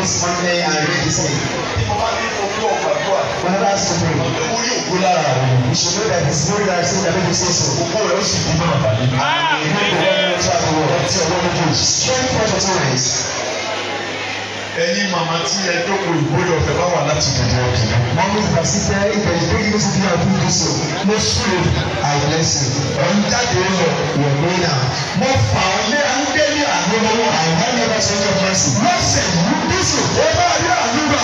this Monday and read this week. Whenever suffering, you should know that the spirit that ah, is in the Bible says so. Strength for the times ẹ̀yin màmá tí ẹ jókòó ìgbóyè ọ̀fẹ́ bá wà láti dìde ọ̀dọ̀. mọ́mí ìgbà sísẹ ìgbà ìgbéyìí ló sì fi hàn fún jésù mo sùn àìlẹ́sì ọ̀n jáde lọ wọ̀ lóyà mo fà ọ́ lé angẹ́lì àgbọ̀lọ́wọ́ àwọn ẹ̀rọ sọ́jọ́ fẹ́sì lọ́sẹ̀ mú jésù ó bá rí àdúrà.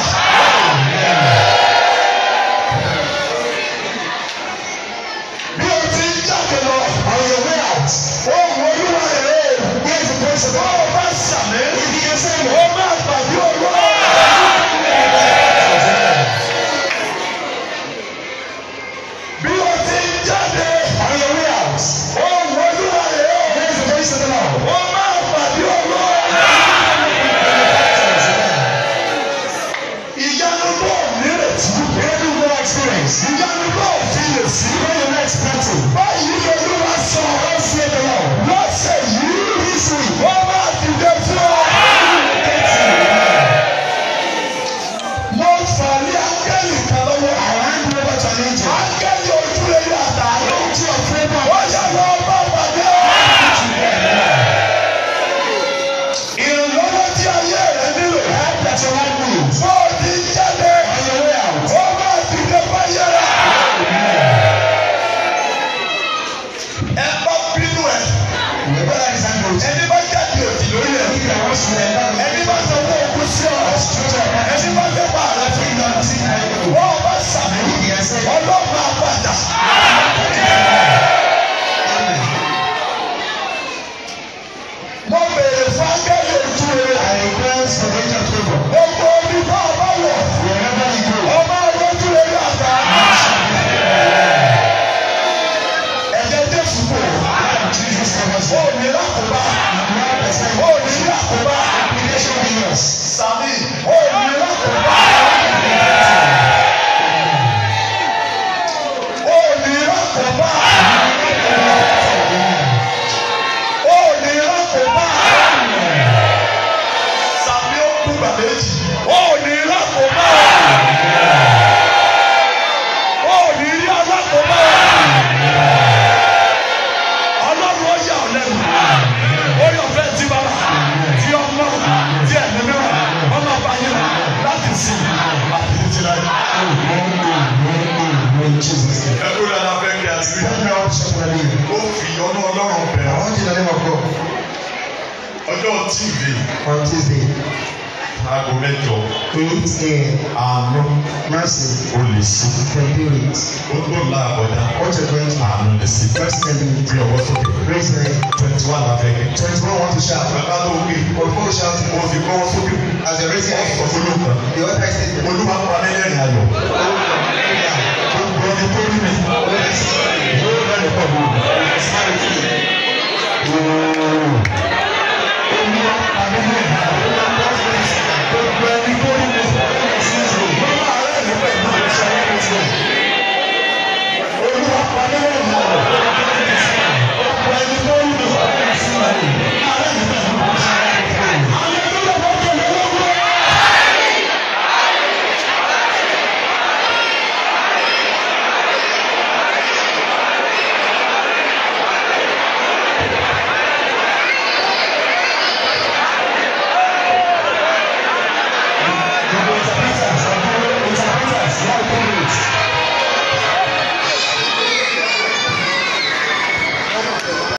bí o ti ń jáde lọ àwọn ìwé àti ó wọlé mercy. O lè sí. Forgiveness. Ó gbọ́ ńlá àbọ̀dá. Ó ti pẹ́. Àánú lè sí. Mercy ni bí ọwọ́ sókè. Praise the Lord. Twenty one abẹ́gẹ́. Twenty one wọ́n ti ṣe àgbàlá lóògbé. Olùkọ́ ṣe àti mo fi kọ́ sókè. As a reason I for follow up. The other is the Olúwa pa mí lẹ́rìn ayọ̀. Olùkọ́ ni tó rí mi. Yóò lẹ́rìn pọ̀ mọ́. Olùkọ́ pa mí lẹ́rìn ayọ̀. Olùkọ́ ni tó rí mi. Thank you.